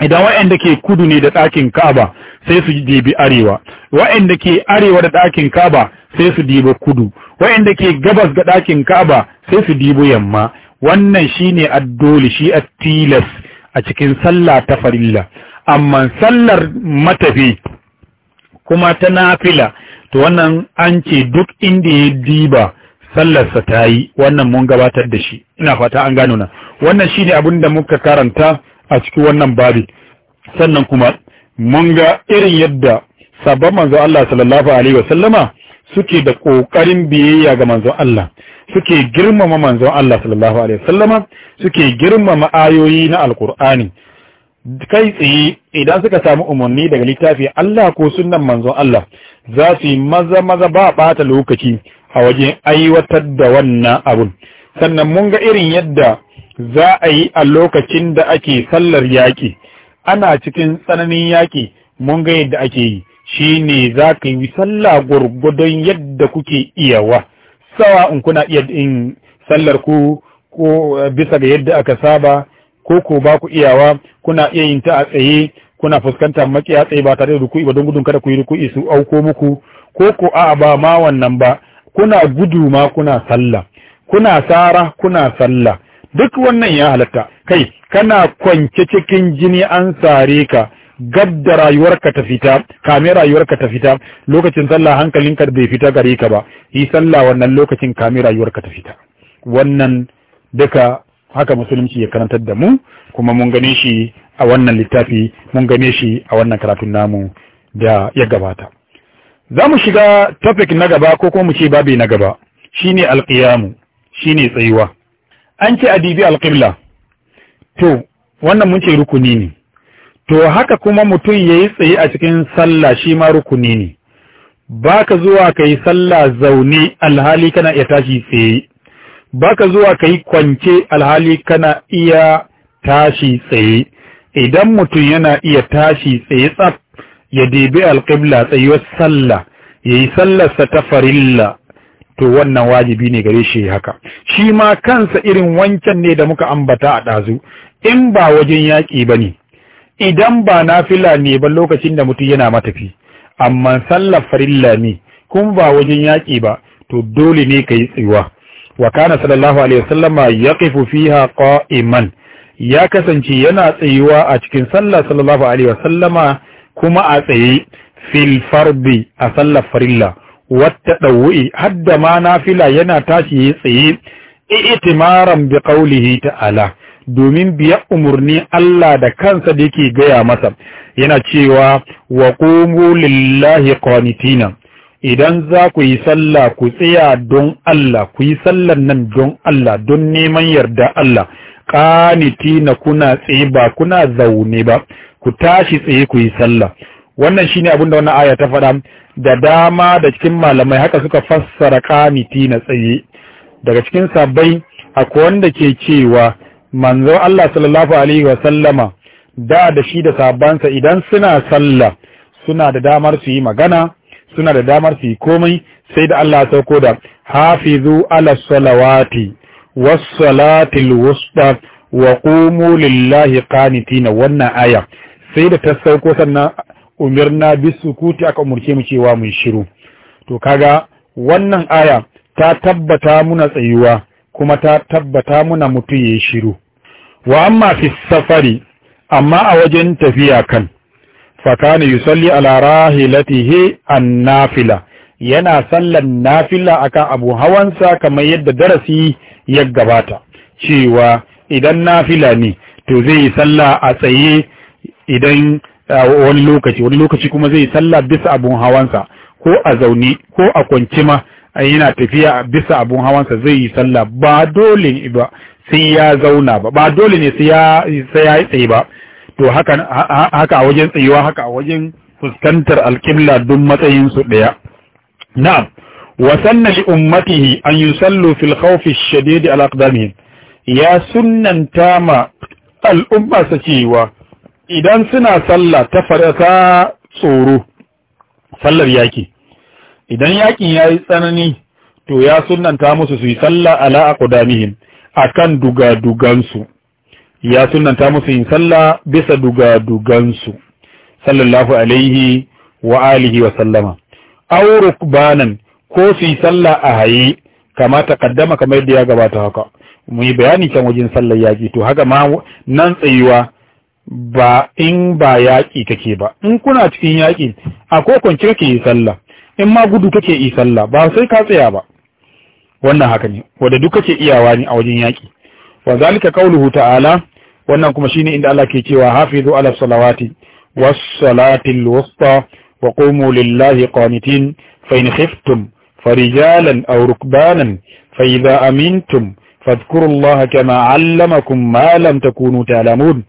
idan waɗanda ke kudu ne da ɗakin kaba sai su dibi arewa waɗanda ke arewa da ɗakin kaba sai su dibi kudu waɗanda ke gabas ga ɗakin kaba sai su dibi yamma wannan shine addoli shi a tilas a cikin sallah ta farilla amma sallar matafi kuma ta nafila to wannan an ce duk inda ya diba sallarsa ta yi wannan mun gabatar da shi ina fata an gano na. wannan shine abin da muka karanta a cikin wannan babi sannan kuma mun ga irin yadda sabon manzo Allah sallallahu alaihi wasallama suke da kokarin biyayya ga manzo Allah suke girmama manzo Allah sallallahu alaihi wasallama suke girmama ayoyi na alkur'ani kai tsaye idan suka samu umarni daga littafi Allah ko sunan manzon Allah za su yi maza maza ba bata lokaci a wajen aiwatar da wannan abun sannan mun ga irin yadda za a yi a lokacin da ake sallar yaƙi ana cikin tsananin yaƙi mun ga yadda ake yi shi ne za ka yi sallah gwargwadon yadda kuke iyawa sawa in kuna iya in sallar ku ko eh, bisa ga yadda aka saba ko ko ba ku iyawa kuna iya yin ta a tsaye kuna fuskantar maƙiya tsaye ba tare da ruku'i ba don gudun kada ku yi ruku'i su auko muku ko ko a ba ma wannan ba kuna gudu ma kuna sallah kuna sara kuna sallah duk wannan ya halatta kai kana kwance cikin jini an sare ka gadda rayuwarka ta fita kame rayuwarka ta fita lokacin sallah hankalinka bai fita gare ka ba yi sallah wannan lokacin kame rayuwarka ta fita wannan duka haka musulunci ya karantar da mu kuma mun gane shi a wannan littafi mun gane shi a wannan karatun namu da ya gabata za mu shiga topic na gaba ko kuma mu ce babi na gaba shine shi shine tsayuwa an ce adibi alƙibla. to wannan mun ce rukuni ne to haka kuma mutum ya yi tsaye a cikin sallah shi ma rukuni ne Ba ka zuwa ka yi sallah zaune alhali kana iya tashi tsaye baka zuwa ka yi kwance alhali kana iya tashi tsaye idan mutum yana iya tashi tsaye tsaf ya debi alƙibla tsayuwar sallah ya yi sallarsa ta farilla to wannan wajibi ne gare shi haka shi ma kansa irin wancan ne da muka ambata a ɗazu in ba wajen yaƙi ba ne idan ba na fila ne ba lokacin da mutum yana matafi amma sallar farilla ne kuma ba wajen yaƙi ba to dole ne ka yi tsayuwa. wa kana sallallahu alaihi wasallam yaqifu fiha qa'iman ya kasance yana tsayuwa a cikin sallah sallallahu alaihi wasallama kuma a tsaye fil farbi a sallar farilla wata ɗau'i hadda ma nafila yana tashi ya tsaye itimaran bi qaulihi ta'ala domin biya umurni Allah da kansa da yake gaya masa yana cewa wa qumu lillahi qanitina idan za ku yi sallah ku tsaya don Allah ku yi sallan nan don Allah don neman yarda Allah na kuna tsaye ba kuna zaune ba ku tashi tsaye ku yi sallah wannan shine abin da wannan aya ta faɗa da dama da cikin malamai haka suka fassara na tsaye daga cikin sabbai akwai wanda ke cewa manzo Allah sallallahu alaihi wa sallama da da shi da sabansa idan suna sallah suna da damar su yi magana suna da damar su komai sai da Allah sauko da hafizu ala salawati was salati alwusta wa qumu lillahi qanitina wannan aya sai da ta sauko sannan umirna bisukuti aka umurce mu cewa mun shiru to kaga wannan aya ta tabbata muna tsayuwa kuma ta tabbata muna mutu ya shiru wa amma fi safari amma a wajen tafiya kan fakani yusalli ala rahilatihi annafila yana sallan nafila akan abu hawansa kamar yadda darasi ya gabata cewa idan nafila ne to zai yi salla a tsaye idan wani lokaci wani lokaci kuma zai yi sallah bisa abun hawansa ko a zaune ko a kwancima ma yana tafiya bisa abun hawansa zai yi sallah ba dole ba sai ya zauna ba ba dole ne sai ya yi tsaye ba to haka a wajen tsayuwa haka a wajen fuskantar alqibla don matsayin su ɗaya. na'am wa sanna li ummatihi an yusallu fil khawfi shadid ala ya sunnanta ma al'umma su cewa idan suna sallah ta farata tsoro sallar yaki idan yakin yayi tsanani to ya sunnanta musu su yi sallah ala aqdamihim akan dugansu. ya sunanta musu yin sallah bisa dugadugansu sallallahu alaihi wa alihi wa sallama aw rukbanan ko su yi sallah a haye kama kaddama kamar da ya gabata haka mu yi bayani kan wajen sallar yaki to haka ma nan tsayuwa ba in ba yaƙi kake ba in kuna cikin yaƙi a kokon kake yi sallah in ma gudu kake yi sallah ba sai ka tsaya ba wannan haka ne wanda duk kake iyawa ne a wajen yaki wa zalika qauluhu ta'ala wannan kuma shine inda Allah ke cewa hafizu ala salawati was salatil wusta wa qumu lillahi qanitin fa in khiftum farijalan aw rukbanan fa idza amintum fadhkurullaha kama allamakum ma lam takunu ta'lamun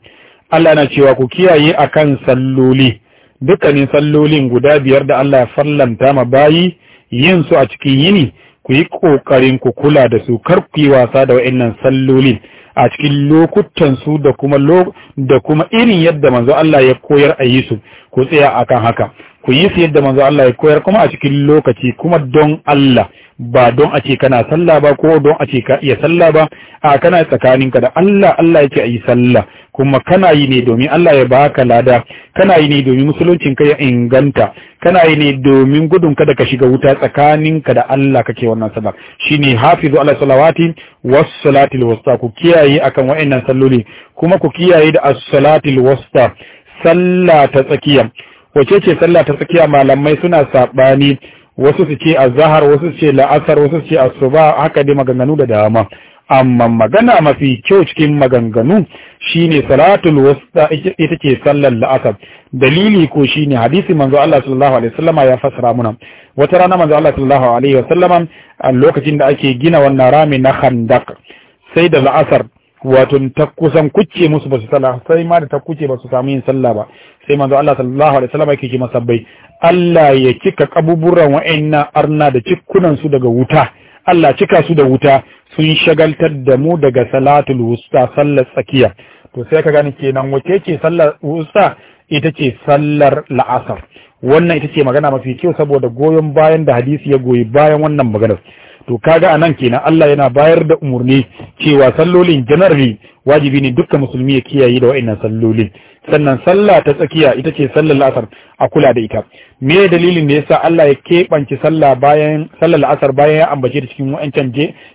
Allah na cewa ku kiyaye akan salloli dukkanin sallolin guda biyar da Allah ya fallanta ma bayi yin su a cikin yini ku yi kokarin ku kula da su kar ku yi wasa da wa'annan sallolin a cikin lokutan su da kuma irin yadda manzo Allah ya koyar a yi su ku tsaya akan haka ku yi su yadda manzo Allah ya koyar kuma a cikin lokaci kuma don Allah ba don a ce kana sallah ba ko don a ce ka iya sallah ba a kana tsakaninka da Allah Allah yake ayi sallah kuma kana yi ne domin Allah ya baka lada kana yi ne domin musuluncin ka ya inganta kana yi ne domin gudun kada ka shiga wuta tsakaninka da Allah kake wannan sallah shine hafizu ala salawati was salatil wasta ku kiyaye akan wa'annan salloli kuma ku kiyaye da as salatil wasta sallah ta tsakiya wace ce sallah ta tsakiya malamai suna saɓani wasu su ce azahar wasu su ce la'asar wasu su ce asuba haka dai maganganu da dama amma magana mafi kyau cikin maganganu shine salatul wasta ita ce sallar la'asar dalili ko shine hadisi manzo Allah sallallahu alaihi wasallama ya fasara muna wata rana manzo Allah sallallahu alaihi wasallama lokacin da ake gina wannan rami na khandaq sai da la'asar wato ta kusan kuce musu ba su sallah sai ma da ta kuce ba su samu yin sallah ba sai manzo Allah sallallahu alaihi wasallam yake masa bai Allah ya cika kabuburan wa'anna arna da cikkunan su daga wuta Allah cika su da wuta sun shagaltar da mu daga salatul wusta sallar tsakiya to sai ka gane kenan wace ce sallar wusta ita ce sallar la'asar wannan ita ce magana mafi kyau saboda goyon bayan da hadisi ya goyi bayan wannan maganar to kaga anan kenan Allah yana bayar da umurni cewa sallolin generally wajibi ne dukkan musulmi ya kiyaye da wa'annan sallolin sannan sallah ta tsakiya ita ce sallar la'asar a kula da ita me dalilin da yasa Allah ya keɓance sallah bayan sallar la'asar bayan ya ambace ta cikin wa'ancan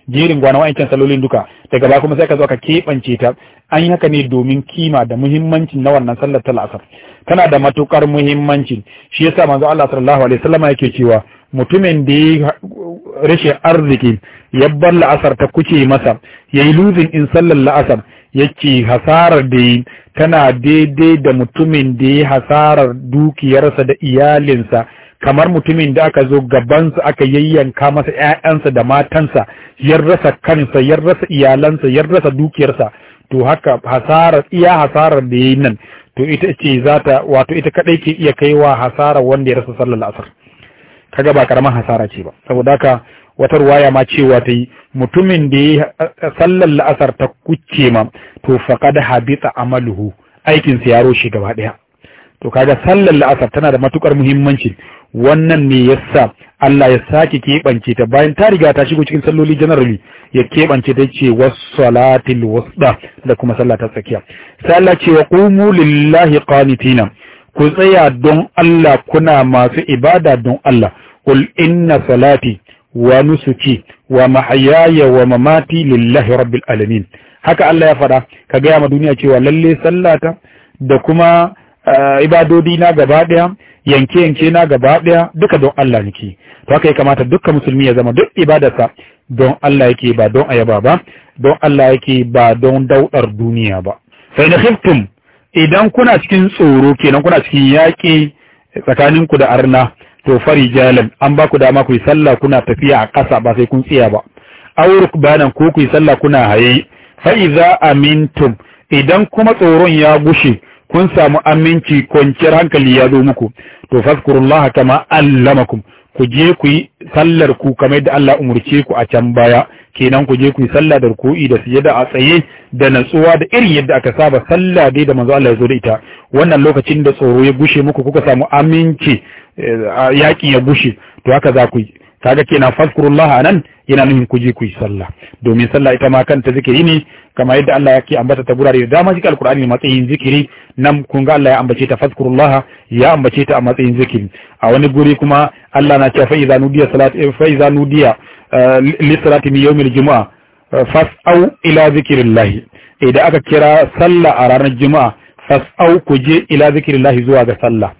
jerin gwana wa'ancan sallolin duka daga ba kuma sai ka zo ka keɓance ta an yi haka ne domin kima da muhimmancin na wannan sallar ta la'asar tana da matukar muhimmanci shi yasa manzo Allah sallallahu alaihi wasallam yake cewa mutumin da ya rashin arziki ya bar la'asar ta kuce masa ya yi luzin in sallar la'asar yake hasarar da yi tana daidai da mutumin da ya hasarar dukiyarsa da iyalinsa kamar mutumin da aka zo gabansa aka yayyanka masa ‘ya'yansa da matansa ya rasa kansa ya rasa iyalansa ya rasa dukiyarsa to haka hasarar iya hasarar da ya yi nan to ita ce za ta wato ita kaɗai ke iya kaiwa hasarar wanda ya rasa sallar la'asar kaga ba karaman hasara ce ba saboda haka wata ruwaya ma cewa ta yi mutumin da ya eh, sallar la'asar ta kuce ma to faqad habita amaluhu aikin sa ya roshe gaba ɗaya. to kaga sallar la'asar tana da matukar muhimmanci wannan ne yasa Allah ya sake keɓance ta bayan ta riga ta shigo cikin salloli generally ya keɓance ta ce wassalatil wasda da kuma sallah ta tsakiya sai Allah ce wa qumu lillahi qanitina ku tsaya don Allah kuna masu ibada don Allah qul inna salati wa nusuki wa mahayaya wa mamati lillahi rabbil alamin haka Allah ya fada ka gaya ma duniya cewa lalle sallata da kuma eh, ibadodi na gaba daya yanke yanke na gaba daya duka don Allah nake to haka ya kamata dukkan musulmi ya zama duk ibadarsa don Allah yake ba don ayaba ba don Allah yake ba don daudar duniya ba fa in khiftum idan kuna cikin tsoro kenan kuna cikin yaƙi tsakaninku da arna to fari jalan an ba ku dama ku yi sallah kuna tafiya a ƙasa ba sai kun tsaya ba auruk banan ko ku yi sallah kuna haye fa iza amintum idan kuma tsoron ya gushe kun samu aminci kwanciyar hankali ya zo muku to fazkurullaha kama allamakum ku je ku yi sallar ku kamar yadda Allah umurce ku a can baya kenan ku je ku yi sallah da ruku'i da sujada a tsaye da natsuwa da irin yadda aka saba sallah dai da manzo Allah ya zo da ita wannan lokacin da tsoro ya gushe muku kuka samu aminci eh, yaƙi ya gushe to haka za ku yi kaga kenan fadkurullah anan yana nufin ku je ku yi sallah domin sallah ita ma kanta zikiri ne kamar yadda Allah yake ambata ta gurare da dama cikin alkur'ani matsayin zikiri nan kun ga Allah ya ambace ta fadkurullah ya ambace ta a matsayin zikiri a wani guri kuma Allah na cewa fa iza nudiya salat eh, fa iza nudiya eh, li salati min yawmil jumu'a eh, fas'au ila zikrillah idan aka kira sallah a ranar juma'a fas'au ku je ila zikrillah zuwa ga sallah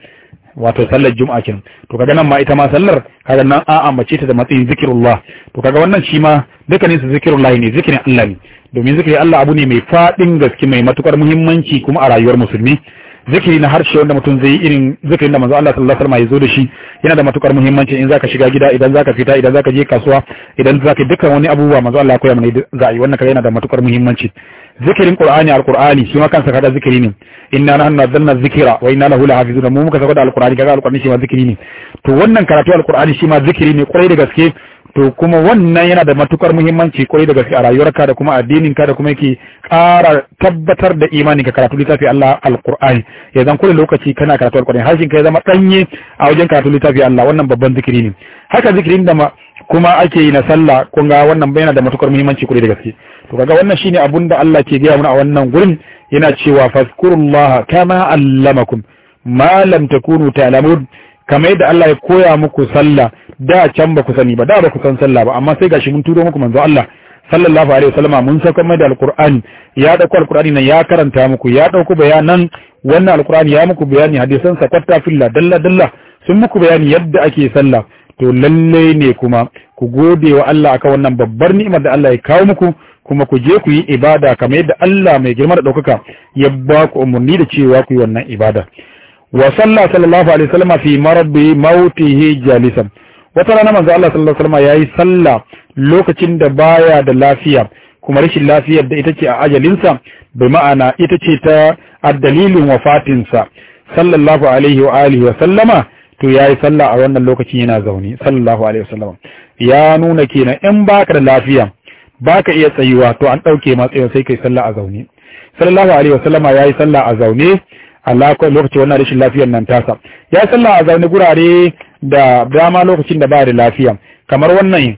wato sallar juma'a kenan to kaga nan ma ita ma sallar kaga nan a mace ta da matsayin zikirullah to kaga wannan shi ma dukkanin su zikirullah ne zikirin Allah ne domin zikirin Allah abu ne mai fadin gaske mai matukar muhimmanci kuma a rayuwar musulmi zikiri na harshe wanda mutum zai yi irin zikirin da manzo Allah sallallahu alaihi wasallam ya zo da shi yana da matukar muhimmanci in zaka shiga gida idan zaka fita idan zaka je kasuwa idan zaka duka wani abubuwa manzo Allah ya koya mana za a yi wannan kaga yana da matukar muhimmanci zikirin qur'ani alqur'ani shi ma kansa kada zikiri ne inna nahnu nazzalna dhikra wa inna lahu lahafizun mu muka saka da alqur'ani kaga alqur'ani shi ma zikiri ne to wannan karatu alqur'ani shi ma zikiri ne kwarai da gaske to kuma wannan yana da matukar muhimmanci kwarai da gaske a rayuwarka da kuma addininka da kuma yake ƙara tabbatar da imani ka karatu littafi Allah alqur'ani ya zan kullum lokaci kana karatu alqur'ani harshen ka ya zama danye a wajen karatu littafi Allah wannan babban zikiri ne haka zikirin da kuma ake yi na sallah kun ga wannan yana da matukar muhimmanci kwarai da gaske to kaga wannan shine abun da Allah ke gaya mana a wannan gurin yana cewa fazkurullaha kama allamakum ma lam takunu ta'lamun kamar yadda Allah ya koya muku sallah da can ba ku sani ba da ba ku san sallah ba amma sai gashi mun turo muku manzo Allah sallallahu alaihi wasallama mun saukar mai da alqur'ani ya dauko alqur'ani nan ya karanta muku ya dauko bayanan wannan alqur'ani ya muku bayani hadisan sa katta filla dalla dalla sun muku bayani yadda ake sallah to lalle ne kuma ku gode wa Allah akan wannan babbar ni'imar da Allah ya kawo muku kuma ku je ku yi ibada kamar yadda Allah mai girma da ɗaukaka ya ba ku umarni da cewa ku yi wannan ibada wa sallah sallallahu alaihi wasallam fi marbi mautihi jalisan wata rana manzo Allah sallallahu alaihi wasallam yayi sallah lokacin da baya da lafiya kuma rashin lafiyar da ita ce a ajalinsa bai ma'ana ita ce ta addalilin wafatinsa sallallahu alaihi wa alihi wa sallama to yayi sallah a wannan lokacin yana zaune sallallahu alaihi wa sallama ya nuna kenan in baka da lafiya baka iya tsayuwa to an dauke matsayin sai kai sallah a zaune sallallahu alaihi wa sallama yayi sallah a zaune Allah kawai lokaci wannan rashin lafiyar nan tasa ya sallah a zaune gurare da dama lokacin da ba da lafiya kamar wannan eh,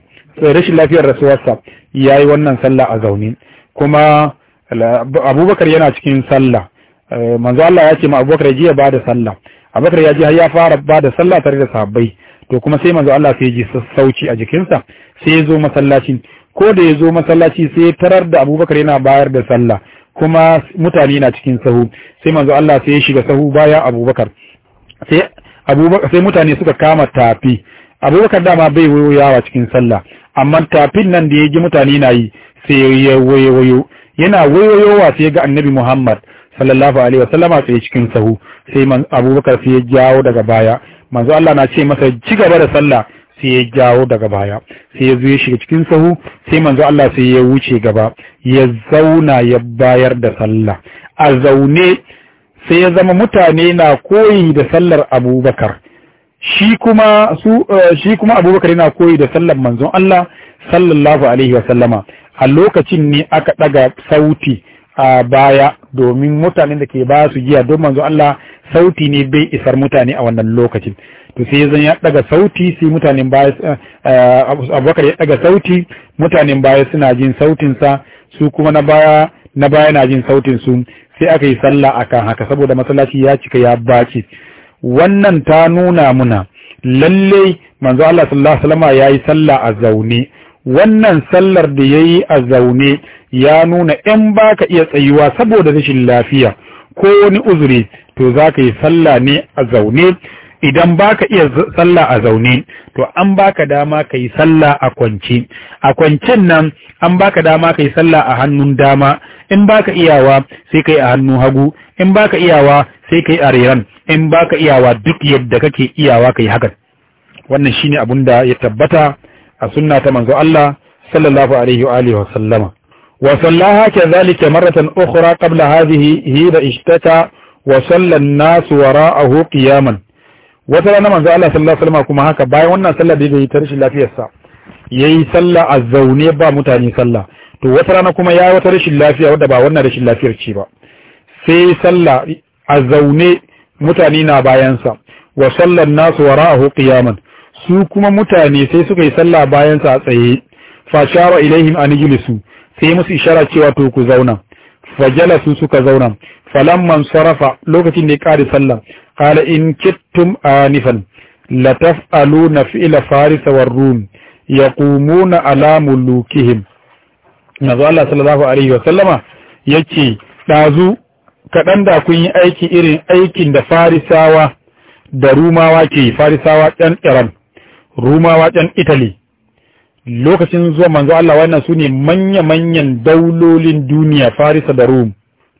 rashin lafiyar rasuwarsa ya yi wannan sallah a zaune kuma abubakar yana cikin sallah eh, manzo Allah ya ce ma abubakar ya je ya bada sallah abubakar ya ji har ya fara bada sallah tare da sahabbai to kuma sai manzo Allah sai ya ji sassauci a jikinsa sai ya zo masallaci ko da ya zo masallaci sai tarar da abubakar yana bayar da sallah kuma mutane na cikin sahu sai manzo Allah sai ya shiga sahu baya abubakar sai abubakar sai mutane suka kama tafi abubakar dama bai wayoyawa cikin sallah amma tafin nan da ya ji mutane na yi sai ya wayoyo yana wayoyowa sai ga annabi muhammad sallallahu alaihi wasallama sai cikin sahu sai abubakar sai ya jawo daga baya manzo Allah na ce masa ci gaba da sallah sai ya jawo daga baya sai ya zo ya shiga cikin sahu sai manzo Allah sai ya wuce gaba ya zauna ya bayar da sallah a zaune sai ya zama mutane na koyi da sallar Abubakar shi kuma su eh, shi kuma Abubakar yana koyi da sallar manzon Allah sallallahu alaihi wasallama a lokacin ne aka daga sauti a baya domin mutanen da ke ba su jiya, don manzon Allah sauti ne bai isar mutane a wannan lokacin to sai zan ya daga sauti sai mutanen baya eh, abubakar ya daga sauti mutanen baya suna jin sautinsa su kuma na baya na baya na jin sautin su sai aka yi sallah akan haka saboda masallaci ya cika ya baci wannan ta nuna muna lalle manzo Allah sallallahu alaihi wasallam yayi sallah a zaune wannan sallar da yayi a zaune ya nuna in baka iya tsayuwa saboda rashin lafiya ko wani uzuri to zaka yi sallah ne a zaune idan baka iya sallah a zaune to an baka dama kai sallah a kwance a kwancen nan an baka dama kai sallah a hannun dama in baka iyawa sai kai a hannun hagu in baka iyawa sai kai a reran in baka iyawa duk yadda kake iyawa kai hakan wannan shine abun da ya tabbata a sunna ta manzo Allah sallallahu alaihi wa alihi wa sallama وصلاها كذلك مرة أخرى قبل wata rana manzo Allah sallallahu alaihi wasallam kuma haka bayan wannan sallah da yayi ta rashin lafiyarsa yayi sallah a zaune ba mutane sallah to wata rana kuma yayi wata rashin lafiya wadda ba wannan rashin lafiyar ce ba sai sallah a zaune mutane na bayansa wa sallan nasu wara'ahu qiyaman su kuma mutane sai suka yi sallah bayansa a tsaye fa shara ilaihim an yujlisu sai musu ishara cewa to ku zauna su suka zauna falamman sarafa lokacin da ya kare sallah qala in kittum anifan lataf'aluna fi'la faris war rum yaqumuna ala mulukihim nazo Allah sallallahu alaihi wa sallama yace ɗazu kaɗan da kun yi aiki irin aikin da farisawa da rumawa ke farisawa ɗan iran rumawa ɗan italy lokacin zuwa manzo Allah wannan su ne manya-manyan daulolin duniya farisa da rum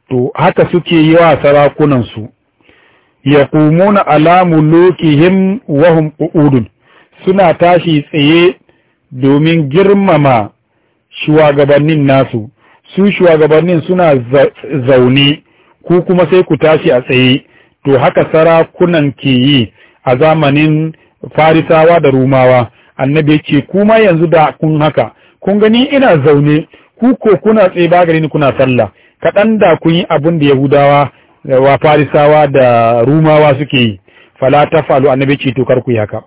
to haka suke yiwa sarakunansu yaqumuna ala mulukihim wa hum qu'udun suna tashi tsaye domin girmama shugabannin nasu su shugabannin suna zaune ku kuma sai ku tashi a tsaye to haka sarakunan ke yi a zamanin farisawa da rumawa annabi ce kuma yanzu da kun haka kun gani ina zaune ku ko kuna tsaye ba gare ni kuna sallah kaɗan da kun yi abin da yahudawa wa farisawa da rumawa suke yi fala tafalu annabi ce to karku haka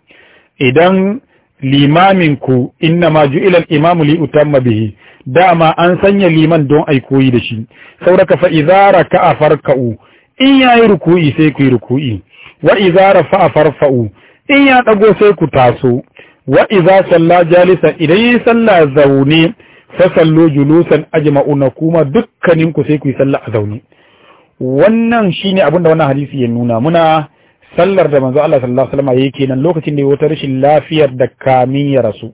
idan limamin ku inna ma ju'ila al-imamu li utamma bihi dama an sanya liman don ai koyi da shi sauraka fa idza raka'a farka'u in yayi ruku'i sai ku yi ruku'i wa idza rafa'a farfa'u in ya dago sai ku taso wa idza salla jalisa idan yi salla zaune fa sallu julusan ajma'una kuma dukkanin ku sai ku yi salla a zaune wannan shine abin da wannan hadisi ya nuna muna sallar da manzo Allah sallallahu alaihi wasallam yake nan lokacin da ya wata rashin lafiyar da kamin ya rasu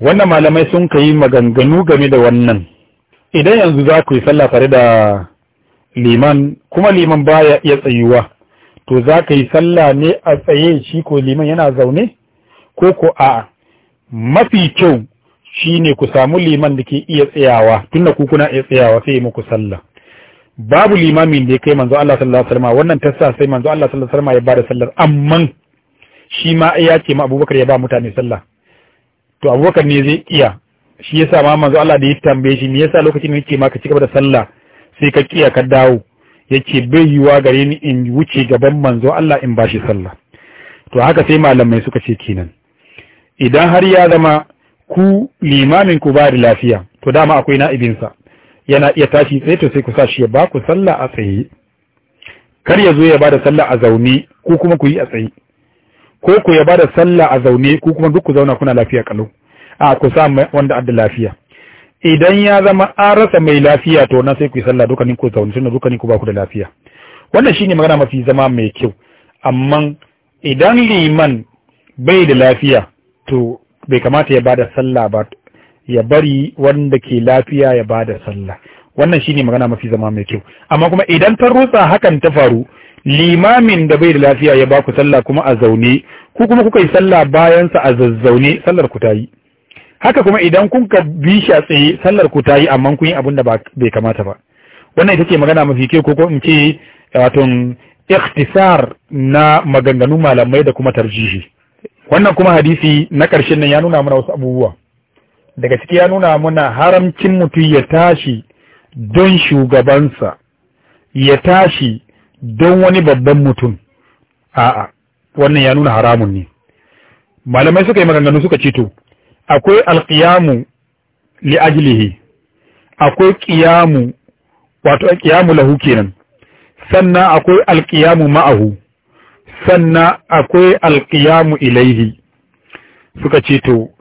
wannan malamai sun kai maganganu game da wannan idan yanzu za ku yi sallah tare da liman kuma liman baya iya tsayuwa to za ka yi sallah ne a tsaye shi ko liman yana zaune ko ko a mafi kyau shine ku samu liman da ke iya tsayawa tunda ku kuna iya tsayawa sai muku sallah babu limamin da ya kai manzo Allah sallallahu alaihi wasallam wannan tassa sai manzo Allah sallallahu alaihi wasallam ya bada sallar Amman shi ma ya ce ma Abubakar ya ba mutane sallah to Abubakar ne zai iya shi yasa ma manzo Allah da ya tambaye shi me yasa lokacin da yake ma ka cigaba da sallah sai ka kiya ka dawo yace bai yiwa gare ni in wuce gaban manzo Allah in bashi sallah to haka sai malamai suka ce kenan idan har ya zama ku limamin ku ba da lafiya to dama akwai na'ibinsa yana iya tashi tsaye to sai ku sa shi ya ba ku sallah a tsaye kar ya zo ya ba da sallah a zaune ko kuma ku yi a tsaye ko ku ya ba da sallah a zaune ko kuma duk ku zauna kuna lafiya kalau a ku sa wanda adda lafiya idan ya zama an rasa mai lafiya to na sai ku yi sallah dukkanin ku zaune tunda dukkanin ku ba ku da lafiya wannan shine magana mafi zama mai kyau amma idan liman bai da lafiya to bai kamata ya bada sallah ba ya bari wanda ke lafiya ya ba da sallah wannan shi ne magana mafi zama mai kyau amma kuma idan ta rutsa hakan ta faru limamin da bai da lafiya ya baku sallah kuma a zaune ku kuma kuka yi sallah bayan sa a zazzaune sallar ku tayi haka kuma idan kun ka bi shi a tsaye sallar ku tayi amma kun yi abin da bai kamata ba wannan ita ce magana mafi kyau ko ko in ce wato ikhtisar na maganganu malamai da kuma tarjihi wannan kuma hadisi na ƙarshen nan ya nuna mana wasu abubuwa daga ciki ya nuna muna haramcin mutum ya tashi don shugabansa ya tashi don wani babban mutum a'a wannan ya nuna haramun ne malamai suka yi maganganu suka ce to akwai alqiyamu li ajlihi akwai ƙiyamu, wato qiyamu lahu kenan sannan akwai alƙiyamu ma'ahu sannan akwai alƙiyamu ilaihi suka ce to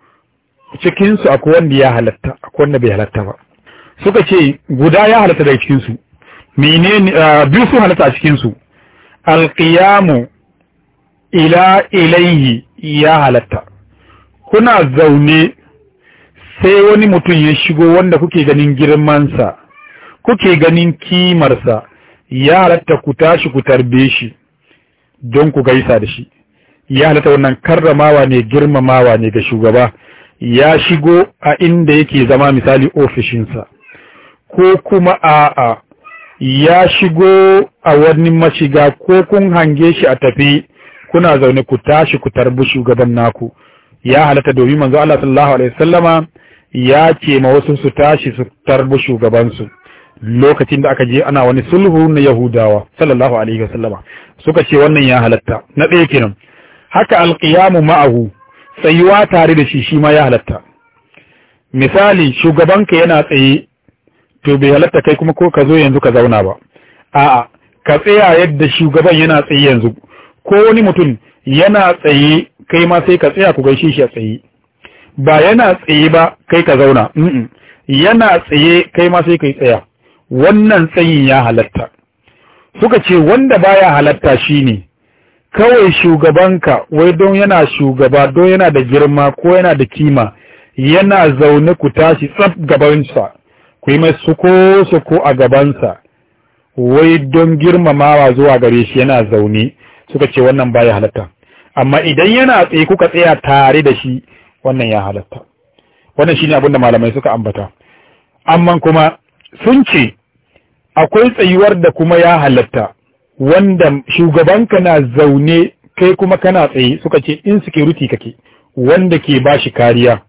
cikinsu akwai wanda ya halatta akwai wanda bai halatta ba suka ce guda ya halatta daga cikinsu menene ah, biyu sun halatta a cikinsu alƙiyamu ila ilaihi ya halatta kuna zaune sai wani mutum ya shigo wanda kuke ganin girmansa kuke ganin kimarsa ya halatta ku tashi ku tarbe shi don ku gaisa da shi ya halatta wannan karramawa ne girmamawa ne ga shugaba ya shigo a inda yake zama misali ofishinsa ko kuma a'a ya shigo a wani mashiga ko kun hange shi a tafi kuna zaune ku tashi ku tarbi shugaban naku ya halatta domin manzo Allah sallallahu alaihi wasallama ya ce ma wasu su tashi su tarbi shugabansu lokacin da aka je ana wani sulhu na Yahudawa sallallahu alaihi wasallama suka ce wannan ya halatta na ɗaya kenan haka alqiyamu ma'ahu tsayuwa tare da shi shi ma ya halatta misali shugabanka yana tsaye to bai halatta kai kuma ko ka zo yanzu ka zauna ba a'a ka tsaya yadda shugaban yana tsaye yanzu ko wani mutum yana tsaye kai ma sai ka tsaya ku gaishe shi a tsaye ba yana tsaye ba kai ka zauna yana tsaye kai ma sai kai tsaya wannan tsayin ya halatta suka ce wanda baya halatta ne. kawai shugabanka wai don yana shugaba don yana da girma ko yana da kima yana zaune ku tashi tsaf gabansa ku yi mai suko-suko a gabansa wai don girmamawa zuwa gare shi yana zaune suka ce wannan baya halatta amma idan yana tsaye kuka tsaya tare da shi wannan ya halatta wannan shine abin da malamai suka ambata amma kuma sun ce akwai tsayuwar da kuma ya halatta wanda shugabanka na zaune kai kuma kana tsaye suka ce in insecurity kake wanda ke ba shi kariya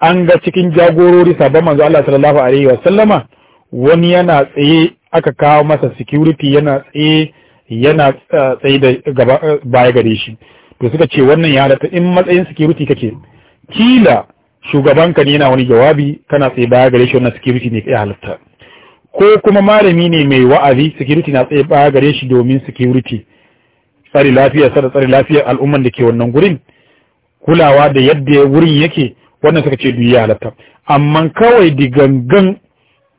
an ga cikin jagorori sabon manzo Allah sallallahu alaihi wa sallama wani yana tsaye aka kawo masa security yana tsaye yana eh, tsaye da eh, baya gare shi to suka ce wannan ya rata in matsayin security kake kila shugabanka ne yana wani jawabi kana tsaye baya gare shi wannan security ne kai halatta ko kuma malami ne mai wa'azi security na tsaye baya gare shi domin security tsari lafiya sada tsari lafiyar al'umman da ke wannan gurin kulawa da yadda wurin yake wannan suka ce duniya ya halatta amma kawai digangan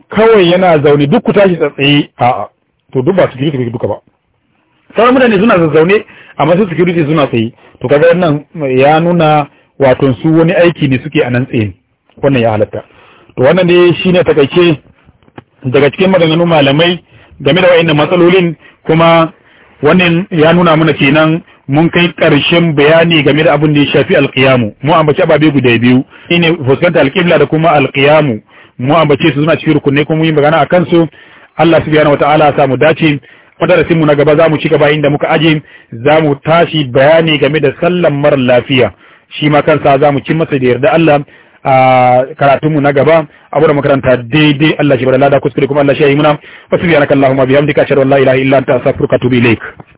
kawai yana zaune duk ku tashi tsaye a'a to duk ba security duka ba sauran mutane suna zazzaune amma su security suna tsaye to kaga wannan ya nuna wato su wani aiki ne suke a nan tsaye wannan ya halatta to wannan ne shine takaice daga cikin maganganun malamai game da wa'annan matsalolin kuma wannan ya nuna mana kenan mun kai ƙarshen bayani game da abin da ya shafi alƙiyamu mu ambaci ababe guda biyu shine fuskanta alƙibla da kuma alƙiyamu mu ambace su suna cikin rukunai kuma yi magana a kansu Allah subhanahu wataala ya samu dace madarasin mu na gaba zamu ci gaba inda muka aje zamu tashi bayani game da sallan mara lafiya shi ma kansa zamu ci masa da yarda Allah a karatunmu na gaba abu da makaranta daidai Allah shi bada lada kuskure kuma Allah shi ya yi muna wasu biya na kallahu ma bihamdika ashhadu an la ilaha illa ta